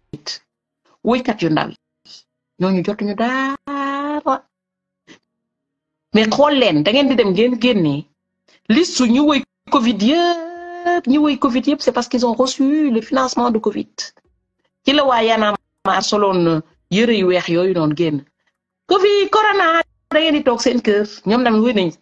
woykat yu ndaw ñooñu jotuñu dara mais xool leen da ngeen di dem ngeen génnee ni su ñu woy Covid yëpp ñu woy Covid yëpp c'est parce qu'ils ont reçu le financement de Covid ci la yana Y'en a marre soloon yëre yu weex yooyu noonu génn Covid corona da ngeen di toog seen kër ñoom tamit wéy nañ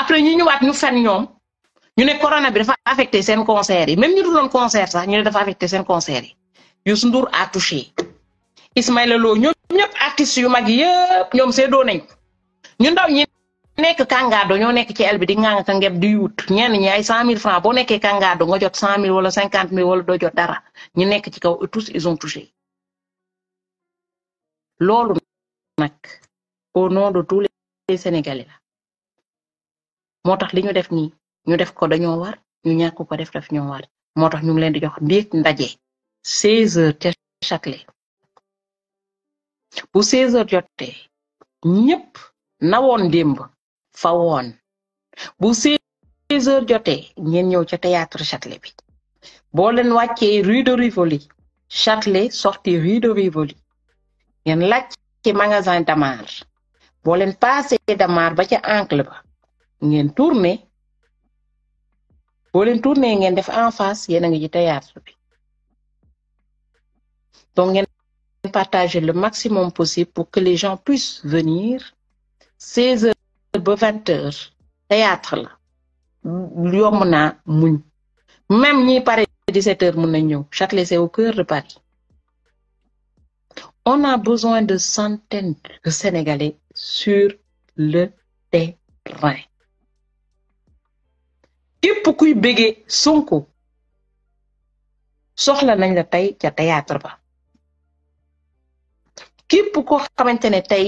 après ñu ñëwaat ñu fen ñoom ñu ne korona bi dafa affecté seen concert yi même ñu doon concert sax ñu ne dafa affecté seen concert yi Youssou Ndour a touché Ismaïla Lo ñoom ñëpp artistes yu mag yëpp ñoom seedoo nañ ñu ndaw ñi nekk kàngaado ñoo nekk ci el bi di ngaa nga ngeb di wut ñenn ñi ay cent mille francs boo nekkee kàngaado nga jot cent mille wala cinquante mille wala doo jot dara ñu nekk ci kaw tous ils ont loolu nag au nom de tous moo tax li ñu def nii ñu def ko dañoo war ñu ñàkk ko def daf ñoo war moo tax ñu ngi leen di jox ndéeg ndaje 16 heures te Châtelet bu 16 heures ñëpp nawoon démb fa woon bu 16 heures jotee ngeen ñëw ca théâtre Châtelet bi boo leen wàccee rue de Rivoli Châtelet sortie rue de Rivoli ngeen laaj ci magasin Damar boo leen passé Damar ba ca angle ba ngeen tourner boo en face donc partager le maximum possible pour que les gens puissent venir 16h, 20 20 théâtre même si pare 17h, heures mun chaque ñëw au cœur de on a besoin de centaines de Sénégalais sur le terrain képp kuy bëggee Sonko soxla nañ la tey ca théâtre ba képp ko xamante ne tey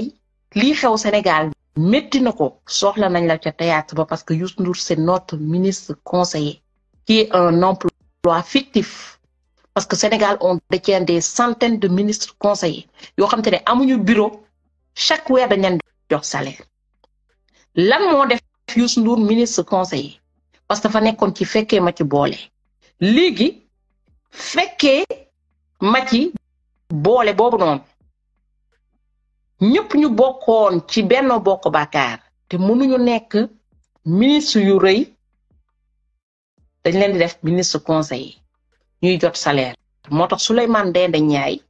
lii xew Sénégal métti na ko soxla nañ la ca théâtre ba parce que Youssou Ndour c'est notre ministre conseiller qui est un emploi fictif parce que Sénégal on détient des centaines de ministres conseillers yoo xamante ne amuñu bureau chaque weer dañ leen jox salaire lan moo def Youssou Ndour ministre conseiller parce que dafa nekkoon ci fekkee ma ci boole léegi fekke ma boole boobu noon ñëpp ñu bokkoon ci Benno Bokk Yaakaar te mënuñu nekk ministre yu rëy dañ leen di def ministre conseil ñuy jot salaire moo tax Souleymane Ndéné Ndiaye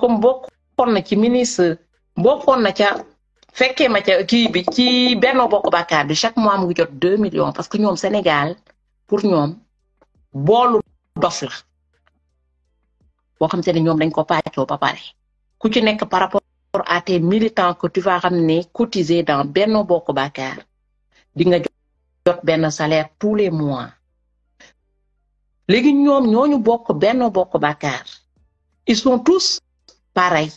comme bokkoon na ci ministre bokkoon na ca fekkee ma ci ki bi ci Benno Bokk bakkar bi chaque mois mu jot deux millions parce que ñom Sénégal pour ñom boolu dof la boo xam te ne dañ ko pàccoo ba paré ku ci nek par rapport à tes militants que tu vas ramener cotiser dans Benno Bokk bakkar di nga jot ben salaire tous les mois légui ñom ñooñu bokk Benno Bokk bakkar ils sont tous pareils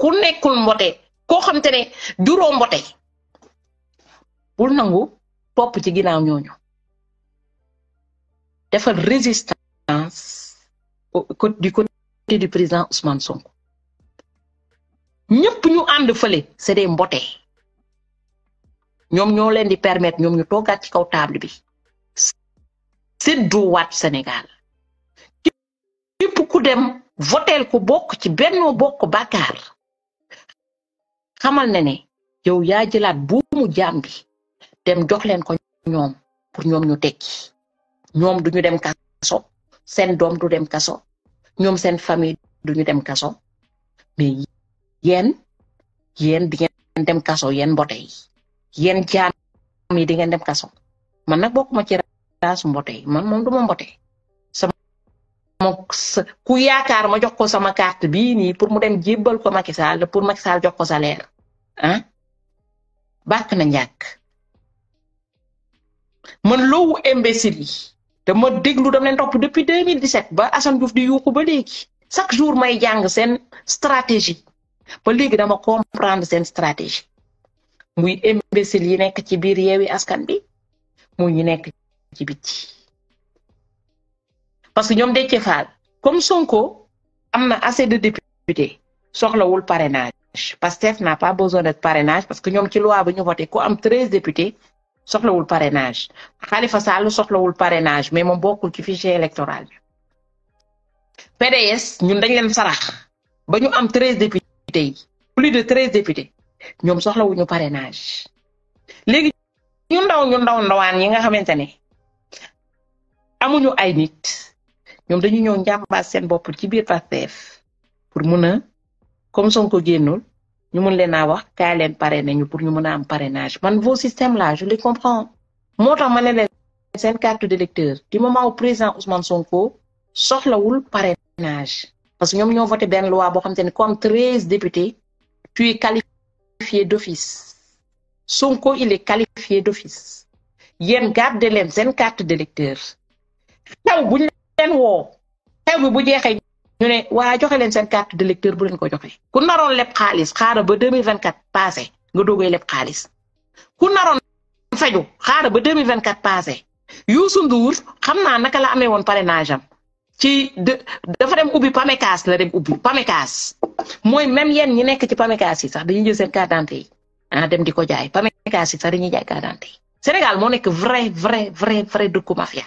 ku nekkul mbote koo xam ne juróom mbote bul nangu topp ci ginnaaw ñooñu defal résistance du côté du président Ousmane sonk ñëpp ñu ànd fale c'est des mbote ñoom ñoo leen di permettre ñoom ñu toogaat ci kaw table bi séddoowaat Sénégal képp ku dem voteel ku bokk ci Benno Bokk Yaakaar xamal ne ne yow yaa jëlaat buumu jaam bi dem jox leen ko ñoom pour ñoom ñu tekki ñoom duñu dem kaso seen doom du dem kaso ñoom seen famille duñu dem kaso mais yéen yéen dem kaso yéen mbote yi yéen jaam yi di ngeen dem kaso man ma bokkuma ci raasu mbote yi man moom du ma mbote sama ku yaakaar ma jox ko sama carte bii nii pour mu dem jébbal ko Macky Sall pour Macky Sall jox ko salaire ah bàkk na ñàkk man loowu imbécile yi dama déglu dama leen topp depuis 2017 ba Assane Diouf di yuuxu ba léegi chaque jour may jàng seen stratégie ba léegi dama comprendre seen stratégie muy imbécile yi nekk ci biir yeewi askan bi muy ñu nekk ci biti parce que ñoom Déthié Fall comme Sonko am na assez de député soxlawul parrainage Pastef n'a pas besoin de parrainage parce que ñoom ci loi bi ñu voté ku am treize députés soxlawul parrainage Khalifa Sall soxlawul parrainage mais moom bokkul ci fichier électoral bi PDS ñun dañ leen sarax ba ñu am treize députés yi plus de treize députés ñoom soxlawuñu parrainage léegi ñu ndaw ñu ndaw ndawaan yi nga xamante ne amuñu ay nit ñoom dañu ñëw njàmbaas seen bopp ci biir Pastef pour mun comme Sonko génnul ñu nous leen a wax car leen parrainé pour ñu mën parrainage Mon nouveau système là je le comprends Moi, tax ma ne C'est une carte d'électeur du moment où président Ousmane Sonko la soxlawul parrainage parce que nous avons voté bien loi boo xam comme treize députés tu es qualifié d'office Sonko il est qualifié d'office Il garde a une carte d'électeur xew buñ leen woo vous bi bu jeexee ñu ne waa joxe leen seen carte de lecteur bu leen ko joxe ku naroon leb xaalis xaara ba deux mille vingt quatre passé nga doogay leb xaalis ku naroon faju xaara ba deux mille vingt quatre passé Youssou Ndour xam naa naka la amee woon parrainage am ci de dafa dem ubbi PAMECAS la dem ubbi PAMECAS mooy même yéen ñi nekk ci PAMECAS yi sax dañuy jël seen carte a yi ah, dem di ko jaay PAMECAS yi sax dañuy jaay carte d'identité Sénégal moo nekk vrai vrai vrai vrai dëkku mafia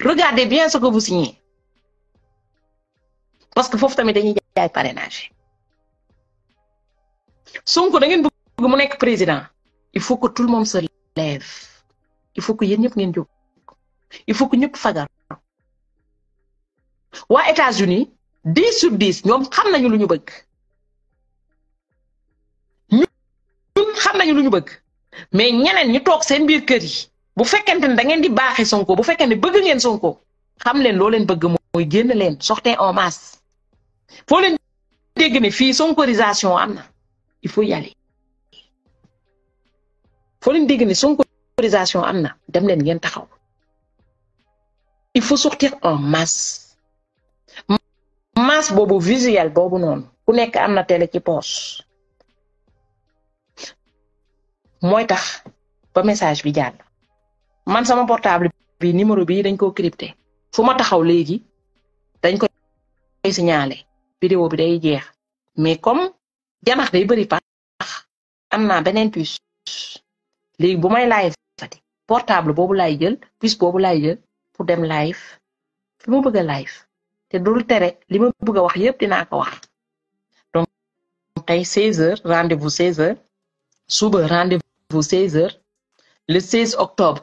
Regardez bien ce que vous signez. Parce que faut que vous ayez un parrainage. Si vous avez un président, il faut que tout le monde se lève. Il faut que vous ayez Il faut que vous ayez un Aux États-Unis, 10 sur 10, nous savons ce que nous voulons. Nous savons ce que nous voulons. Mais nous avons un peu de temps bu fekkente ne da ngeen di Sonko bu fekkee ngeen Sonko xam leen loo leen bëgg sortez en masse sonkorisation il faut y aller foo leen dégg ne sonkorisation am dem il faut sortir en masse masse boobu visuel boobu noonu ku nekk am na télé ci poche mooy tax message bi man sama portable bi numéro bi dañ koo crypté fu ma taxaw léegi dañ koy signalé vidéo bi day jeex mais comme janax day bëri pax am naa beneen puce léegi bu may live portable boobu laay jël puce boobu laay jël pour dem live fi ma bëgg a live te du tere li ma bëgg wax yëpp dinaa ko wax donc tey 16h rendez-vous 16h suba rendez-vous 16h le 16 octobre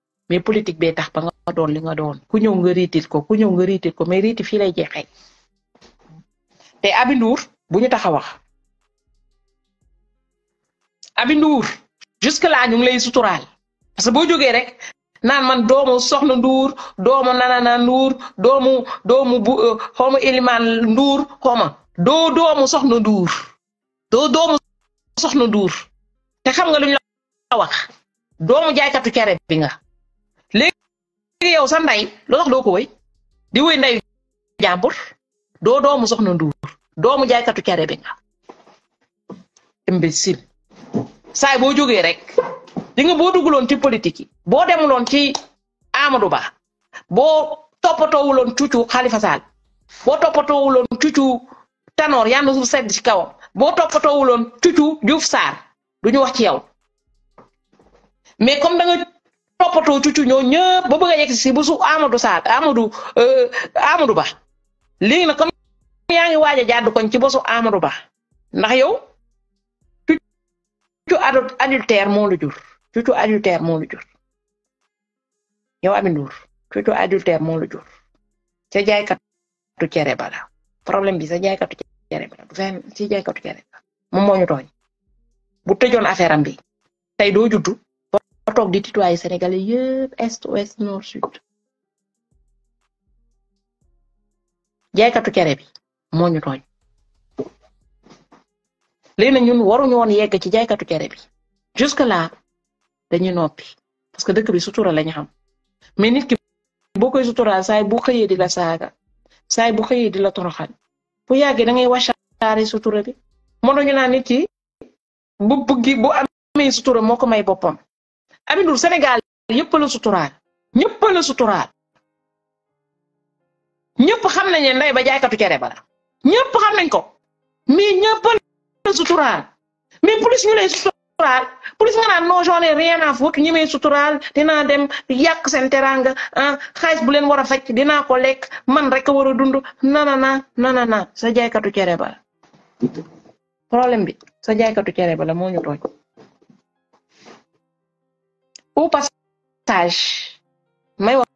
mais politique bee tax ba nga doon li nga doon ku ñëw nga riitit ko ku ñëw nga riitit ko mais riiti fi lay jeexee te Aby Ndour bu ñu tax a wax Aby Ndour jusque là ñu lay suturaal parce que boo jógee rek naan man doomu Soxna Ndour doomu Nanana doomu doomu bu euh, xawma Eliman Ndour xawma Soxna Ndour doo doomu te xam nga luñ la wax doomu jaaykatu cere bi nga léegi yow sa ndey lu tax doo ko wéy di wéy ndeyu jàmbur doo doomu soxna Ndour doomu jaaykatu cere bi nga imbécile saay boo jógee rek di nga boo dugguloon ci politique yi boo demuloon ci Amadou Ba boo toppatoowuloon cucu xalifa Sall boo toppatoowuloon cucu Tanor yaa na suuf sedd ci kawam boo toppatoowuloon cucu juuf Sarr du ñu wax ci yow mais comme da toppatoo cucu ñoo ñëpp ba bëgg a yegg si ba su Amadou Sarr Amadou euh, Amadou Ba léegi nag comme yaa ngi waaj a koñ ci bosu Amadou Ba ndax yow cucu adultère moo la jur moo la jur yow Ami Ndour cucu adultère moo la jur ca jaaykatu cere bala problème bi sa jaaykatu cere cere ba moom moo ñu bu tëjoon affaire am bi tey toog di tutoyer sénégalais yëpp est ouest nord sud jaaykatu kere bi moo ñu tooñ léegi nag ñun waruñu woon yegg ci jaaykatu kere bi jusque là dañuy noppi parce que dëkk bi sutura lañu xam mais nit ki boo koy suturaal saay bu xëyee di la saaga saay bu xëyee di la toroxal bu yàggee da ngay wàccaare sutura bi moo tax ñu naan nit ki bu bëgg bu amee sutura moo ko may boppam Amidou Sénégal yëpp la sutural ñëpp la sutural ñëpp xam nañ ne nday ba katu cere ba la ñëpp xam nañ ko mais ñëpp la sutural mais plus ñu lay sutural plus nga nan non j'en ai rien à foutre ñi may sutural dina dem yak sen teraanga ah eh, xaalis bu len wara fajj dina ko lek man rek wara dund nanana nanana sa katu cere ba problème bi sa katu cere ba la ñu au passage may wax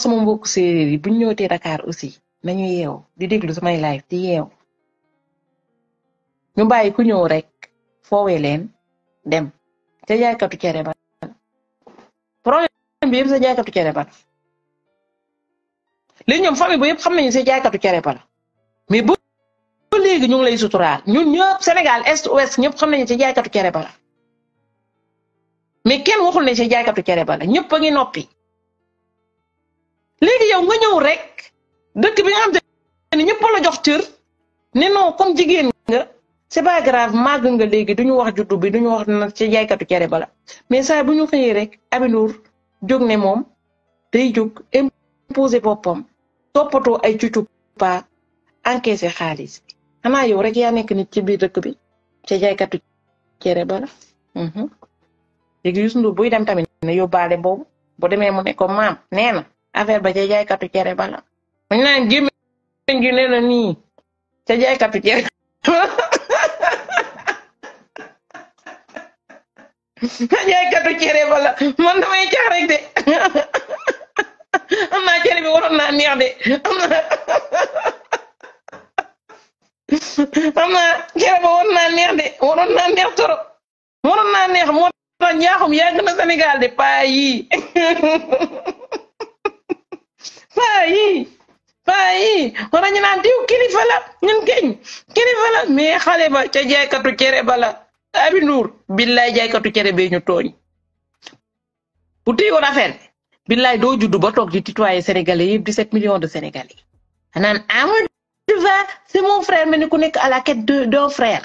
sama mbokk séeréer yi bu ñu ñëwtee Dakar aussi nañu yeew di déglu samay live di yeew ñu bàyyi ku ñëw rek foowee leen dem ca jaaykatu cere ba problème bi yëpp sa jaaykatu cere ba li ñoom famille bu yëpp xam nañu sa jaaykatu cere ba mais bu léegi ñu ngi lay suturaal ñun ñëpp Sénégal est ouest ñëpp xam nañu sa jaaykatu cere ba mais kenn waxul ne si jaaykatu cere ba la ñëpp ngi noppi léegi yow nga ñëw rek dëkk bi nga xam te ne ñëpp jox cër ne non comme jigéen nga c'est pas grave màgg nga léegi duñu wax juddu bi duñu wax na ci jaaykatu cere ba la mais saa bu ñu xëyee rek Aminur jóg ne moom day jóg imposer boppam toppatoo ay cucu pa encaissé xaalis xanaa yow rek yaa nekk nit ci biir dëkk bi ca jaaykatu cere ba la mhm. léegi Youssou Ndour buy dem tamit ne yóbbaale boobu boo demee mu ko maam nee na affaire ba ca jaaykatu cere bala mu naan gémmiñ gi na nii ca jaaykatu cere rek de am naa cere bi naa neex na cere ba waroon naa neex de waroon neex torop waroon neex moo kon njaaxum yàgg na Sénégal de paa yi paa yi naan diw kilifa ñun keñ kilifa mais xale ba ca jaaykatu cere bala la abi nuur billaay cere bee ñu tooñ bu téyoon affaire billaay doo juddu ba toog di tutoyer sénégalais yëpp 17 millions de sénégalais naan Amadou Ba c'est frère mais nekk à la frère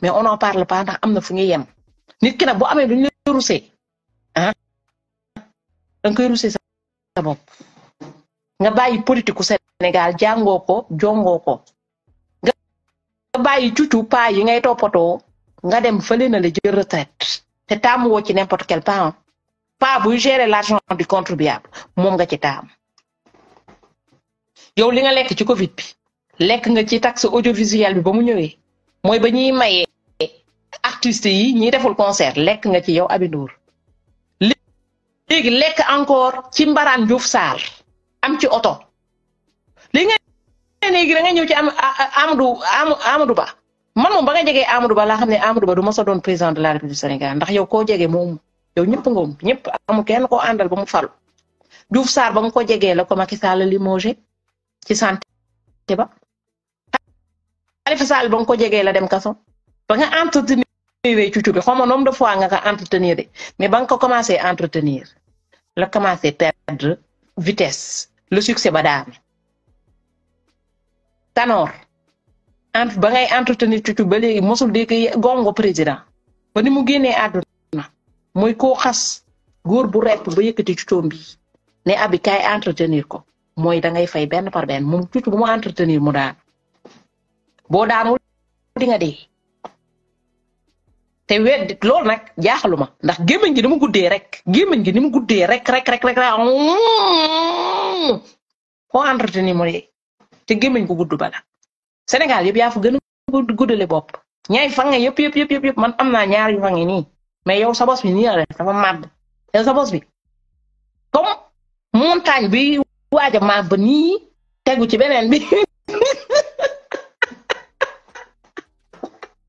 mais on n'en parle pas ndax am na fu ñuy yem nit ki nag bu amee lu ñu la rusee ah da koy rusee sa bopp nga bàyyi politique Sénégal jàngoo ko jongoo ko nga bàyyi cucu paa yi ngay toppatoo nga dem fële na la jël retraite te taamu woo ci n'importe quel paa paa buy gérer l'argent du contribuable moom nga ci taam yow li nga lekk ci Covid bi lekk nga ci taxe audiovisuel bi ba mu ñëwee. mooy ba ñuy maye artistes yi ñiy deful concert lekk nga ci yow Aby Ndour léegi lekk encore ci mbaran Diouf Sarr am ci oto li nga léegi da nga ñëw ci am Amadou Amadou Ba man moom ba nga jegee Amadou Ba laa xam ne Amadou Ba du ma sa doon présent de la République Sénégal ndax yo koo jege moom yow ñëpp nga woon ñëpp amul kenn koo àndal ba mu fal Diouf Sarr ba nga ko jegee la ko sal Sall limogé ci santé ba Khalifa Sall bang ko jégué la dem kaso ba nga entretenir ciutu bi xawma nombre de fois nga ka entretenir dé mais bang ko commencé entretenir la commencé perdre vitesse le succès ba daanu Tanor ant ba ngay entretenir ciutu ba légui mosul dé kay gongo président ba ni mu guéné aduna moy ko xas góor bu repp ba yëkkati cucoom bi ne abi kay entretenir ko moy da ngay fay ben par ben mu ciutu bu mu entretenir mu daanu boo daanul di nga di te we loolu nak jaaxaluma ndax gémmañ gi krek krek krek rek gémmañ gi nimu guddé rek rek rek rek rek koo mm. entretenir mu dee te gémmañ ko guddu bala Sénégal yëpp ya fa gëna a bop ñay ñaay fange yëpp yëpp yëpp yëpp man amna ñaar yu fange ni mais yow sa boss bi ni la def dafa mad yow sa boss bi comme montagne bi ma ba ni tegu ci benen bi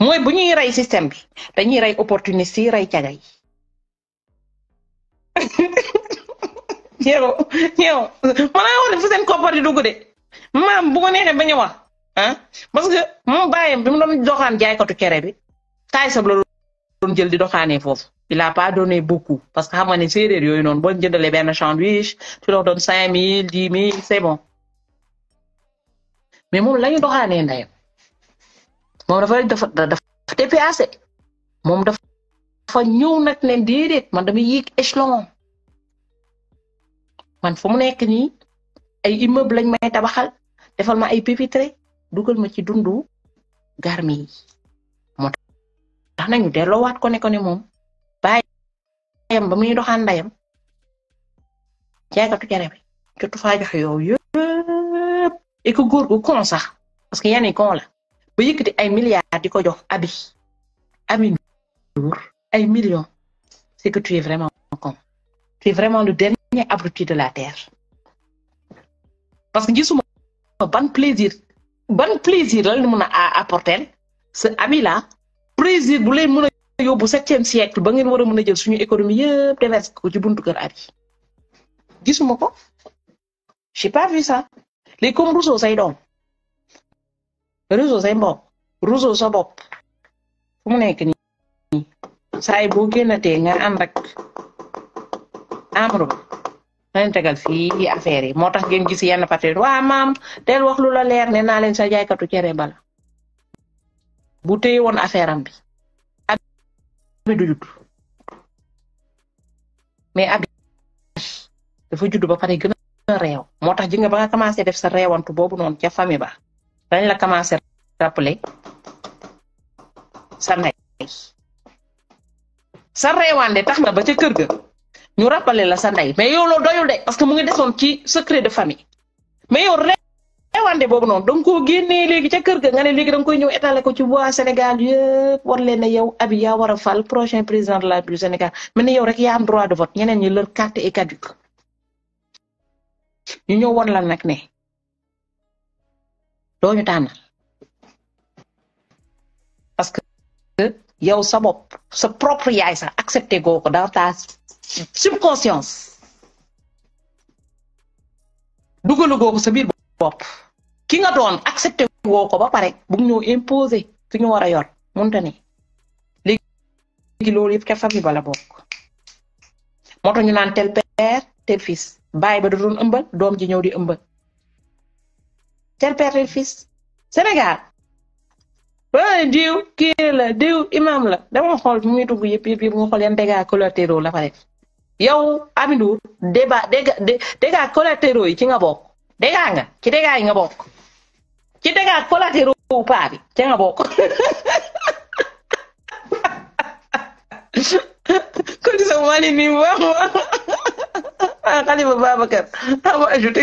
mooy bu ñuy rey système bi dañuy rey opportuniste yi rey caga yi yow yow man laa wax ne seen koppar di dugg de maam bu ko neexee bañ a wax ah parce que moom bàyyam bi mu doon doxaan jaaykatu cere bi taay sab la doon jël di doxaane foofu il a pas donné beaucoup parce que xam nga ne séeréer yooyu noonu boo jëndalee benn sandwich tu leur doon cinq mille dix mille c'est mais moom lañu doxaane doxaanee moom dafa dafa dafa dépassé moom dafa dafa ñëw nag ne déedéet man dama yéeg man fu mu nekk nii ay immeuble lañ may tabaxal defal ma ay pupitre dugal ma ci dundu garmi yi moo tax nañu delloowaat ko ne ko ne moom baayam ba muy doxaan ndayam jaaykatu cere bi jotu faa joxe yow yëpp et que góor gu kon sax parce que yani kon la ba yëkkati ay milliards di jox abi ami ay c'est que tu es vraiment tu es vraiment le dernier abruti de la terre parce que gisuma ban plaisir ban plaisir la a apporter ce ami là plaisir bu mën a siècle ba ngeen war a jël suñu économie yëpp que ko ci buntu kër abi gisuma ko j'ai pas vu ça les comme Rousseau say ruzo say mbokk réseau sa bop, fu nek ni, nii bu boo génnatee nga ànd ak amro na leen tegal fii affaire yi moo tax gis yenn parti waa maam wax leer ne sa cere bala bu téye woon affaire am bi abi bi du me mais ab dafa judd ba pare gën rew motax ji nga ba nga commencé def sa rewantu bobu non ci famille ba dañ la commencé rappeler sa nay sa reewaande tax na ba ca kër ga ñu rappeler la sa ndey mais yow loolu doyul de parce que mu ngi desoon ci secret de famille mais yow reewaande boobu noon da nga koo léegi ca kër ga nga ne léegi da nga koy ñëw étaler ko ci waa Sénégal yëpp war leen ne yow abi yaa war a fal prochain président de la République du Sénégal mais ne yow rek yaa am droit de vote ñeneen ñi leur carte est caduque ñu ñëw woon la nag ne doo ñu parce que yow sa bopp sa propre yaay sax accepté goo ko dans ta subconscience dugalu goo sa biir bopp ki nga doon accepté goo ko ba pare bug ñëw imposé su ñu war a yor munta ne léegi loolu yëpp ca famille bala bokk moo tax ñu naan tel père tel bàyyi ba da doon ëmbal doom ji ñëw di ëmbal tel père tel fils Sénégal waaye diw kii la diw imam la dama xool muy tugg yëpp yëpp yëpp nga xool yan dégâts collatéraux la fa def yow Amidou débat dégâts collatéraux yi ci nga bokk dégâts nga ci dégâts yi nga bokk ci dégâts collatéraux paa bi ci nga bokk kon sa mali ni wax ma ah, Khalifa Babacar ama ajouté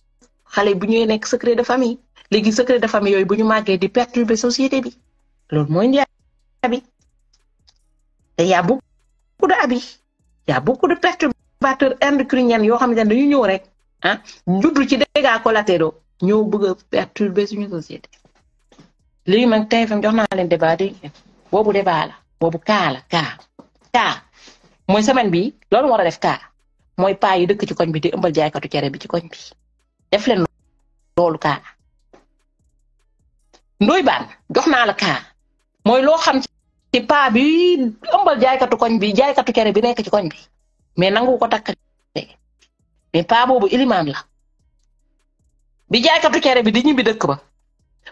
xale bu ñuy nekk secret de famille léegi secret de famille yooyu bu ñu màggee di perturber société bi loolu mooy indi abi te y' a beaucoup de abi y' a beaucoup de perturbateurs endocriniens yoo xam ne dañu ñëw rek ah juddu ci dégâts collatéraux ñëw bëgg a be suñu société léegi nag TFM jox naa leen débat dégg ngeen boobu débat la boobu kaa la kaa mooy semaine bi loolu war a def kaa mooy paa yi dëkk ci koñ bi di ëmbal jaaykatu cere bi ci koñ def leen loolu kaa ndoy baan jox naa la kaa mooy loo xam ci paa bi ëmbal jaaykatu koñ bi jaaykatu kere bi nekk ci koñ bi mais nangu ko takk mais paa boobu ilimaan la bi jaaykatu kere bi di ñibbi dëkk ba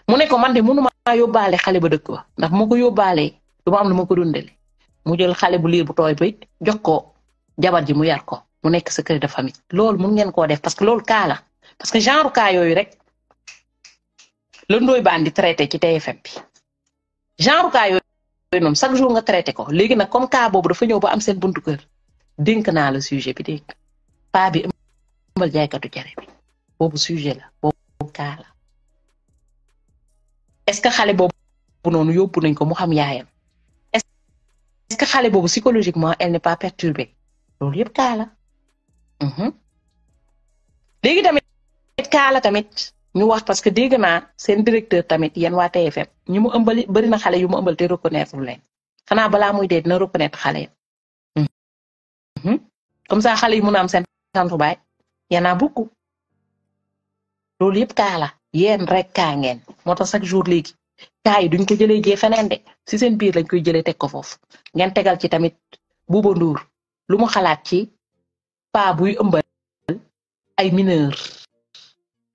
mu nekk man de mënu maa yóbbaale xale ba dëkk ba ndax mu ko yóbbaale du ma am lu ma ko dundale mu jël xale bu liir bu tooy bi jox ko jabar ji mu yar ko mu nekk secret de famille loolu mun ngeen koo def parce que loolu kaala parce que genre cas yoy rek le ndoy bandi traité ci TFM bi genre cas chaque jour nga traité ko comme cas dafa ba am buntu sujet bi sujet la cas est-ce que xalé nañ ko mu xam est-ce que xalé psychologiquement elle n'est pas perturbée cas la mhm. kaala tamit ñu wax parce que dégg naa seen directeur tamit yéen waa TFM ñu mu ëmbali bëri na xale yu mu ëmbal te reconnaître leen balaa muy dee dina reconnaître xale yi mhm. comme ça xale yi mun a am seen santu baay yéen a bukk loolu yëpp kaa la yéen rek kaa ngeen moo tax chaque jour léegi kaa yi duñ ko jëlee si seen biir lañ koy jëlee teg ko foofu ngeen tegal ci tamit Bouba Ndour lu mu xalaat ci pa buy ëmbal ay mineur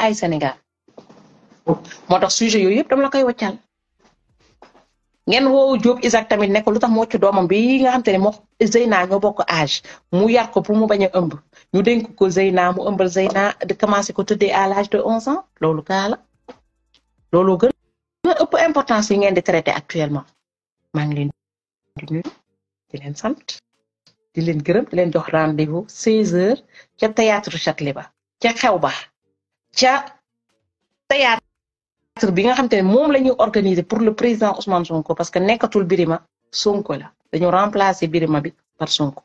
ay Sénégal moo tax sujet yooyu yëpp dama la koy wàccal ngeen woowu Diop Isaac tamit ne lu tax moo ci doomam bi nga xam te ne moo Zeyna ñoo bokk âge mu yar ko pour mu bañ a ëmb ñu dénk ko Zeyna mu ëmbal Zeyna di commencé ko tëddee à l'âge de onze ans loolu kaa la loolu gën a ëpp importance yi ngeen di traité actuellement maa ngi leen di nuyu di leen sant di leen gërëm di leen jox rendez-vous seize heures ca théâtre Châtelet ba ca xew ba ca théâtre bi nga xam te ne pour le président Ousmane Sonko parce que nekkatul Birima Sonko la dañu remplacer Birima par Sonko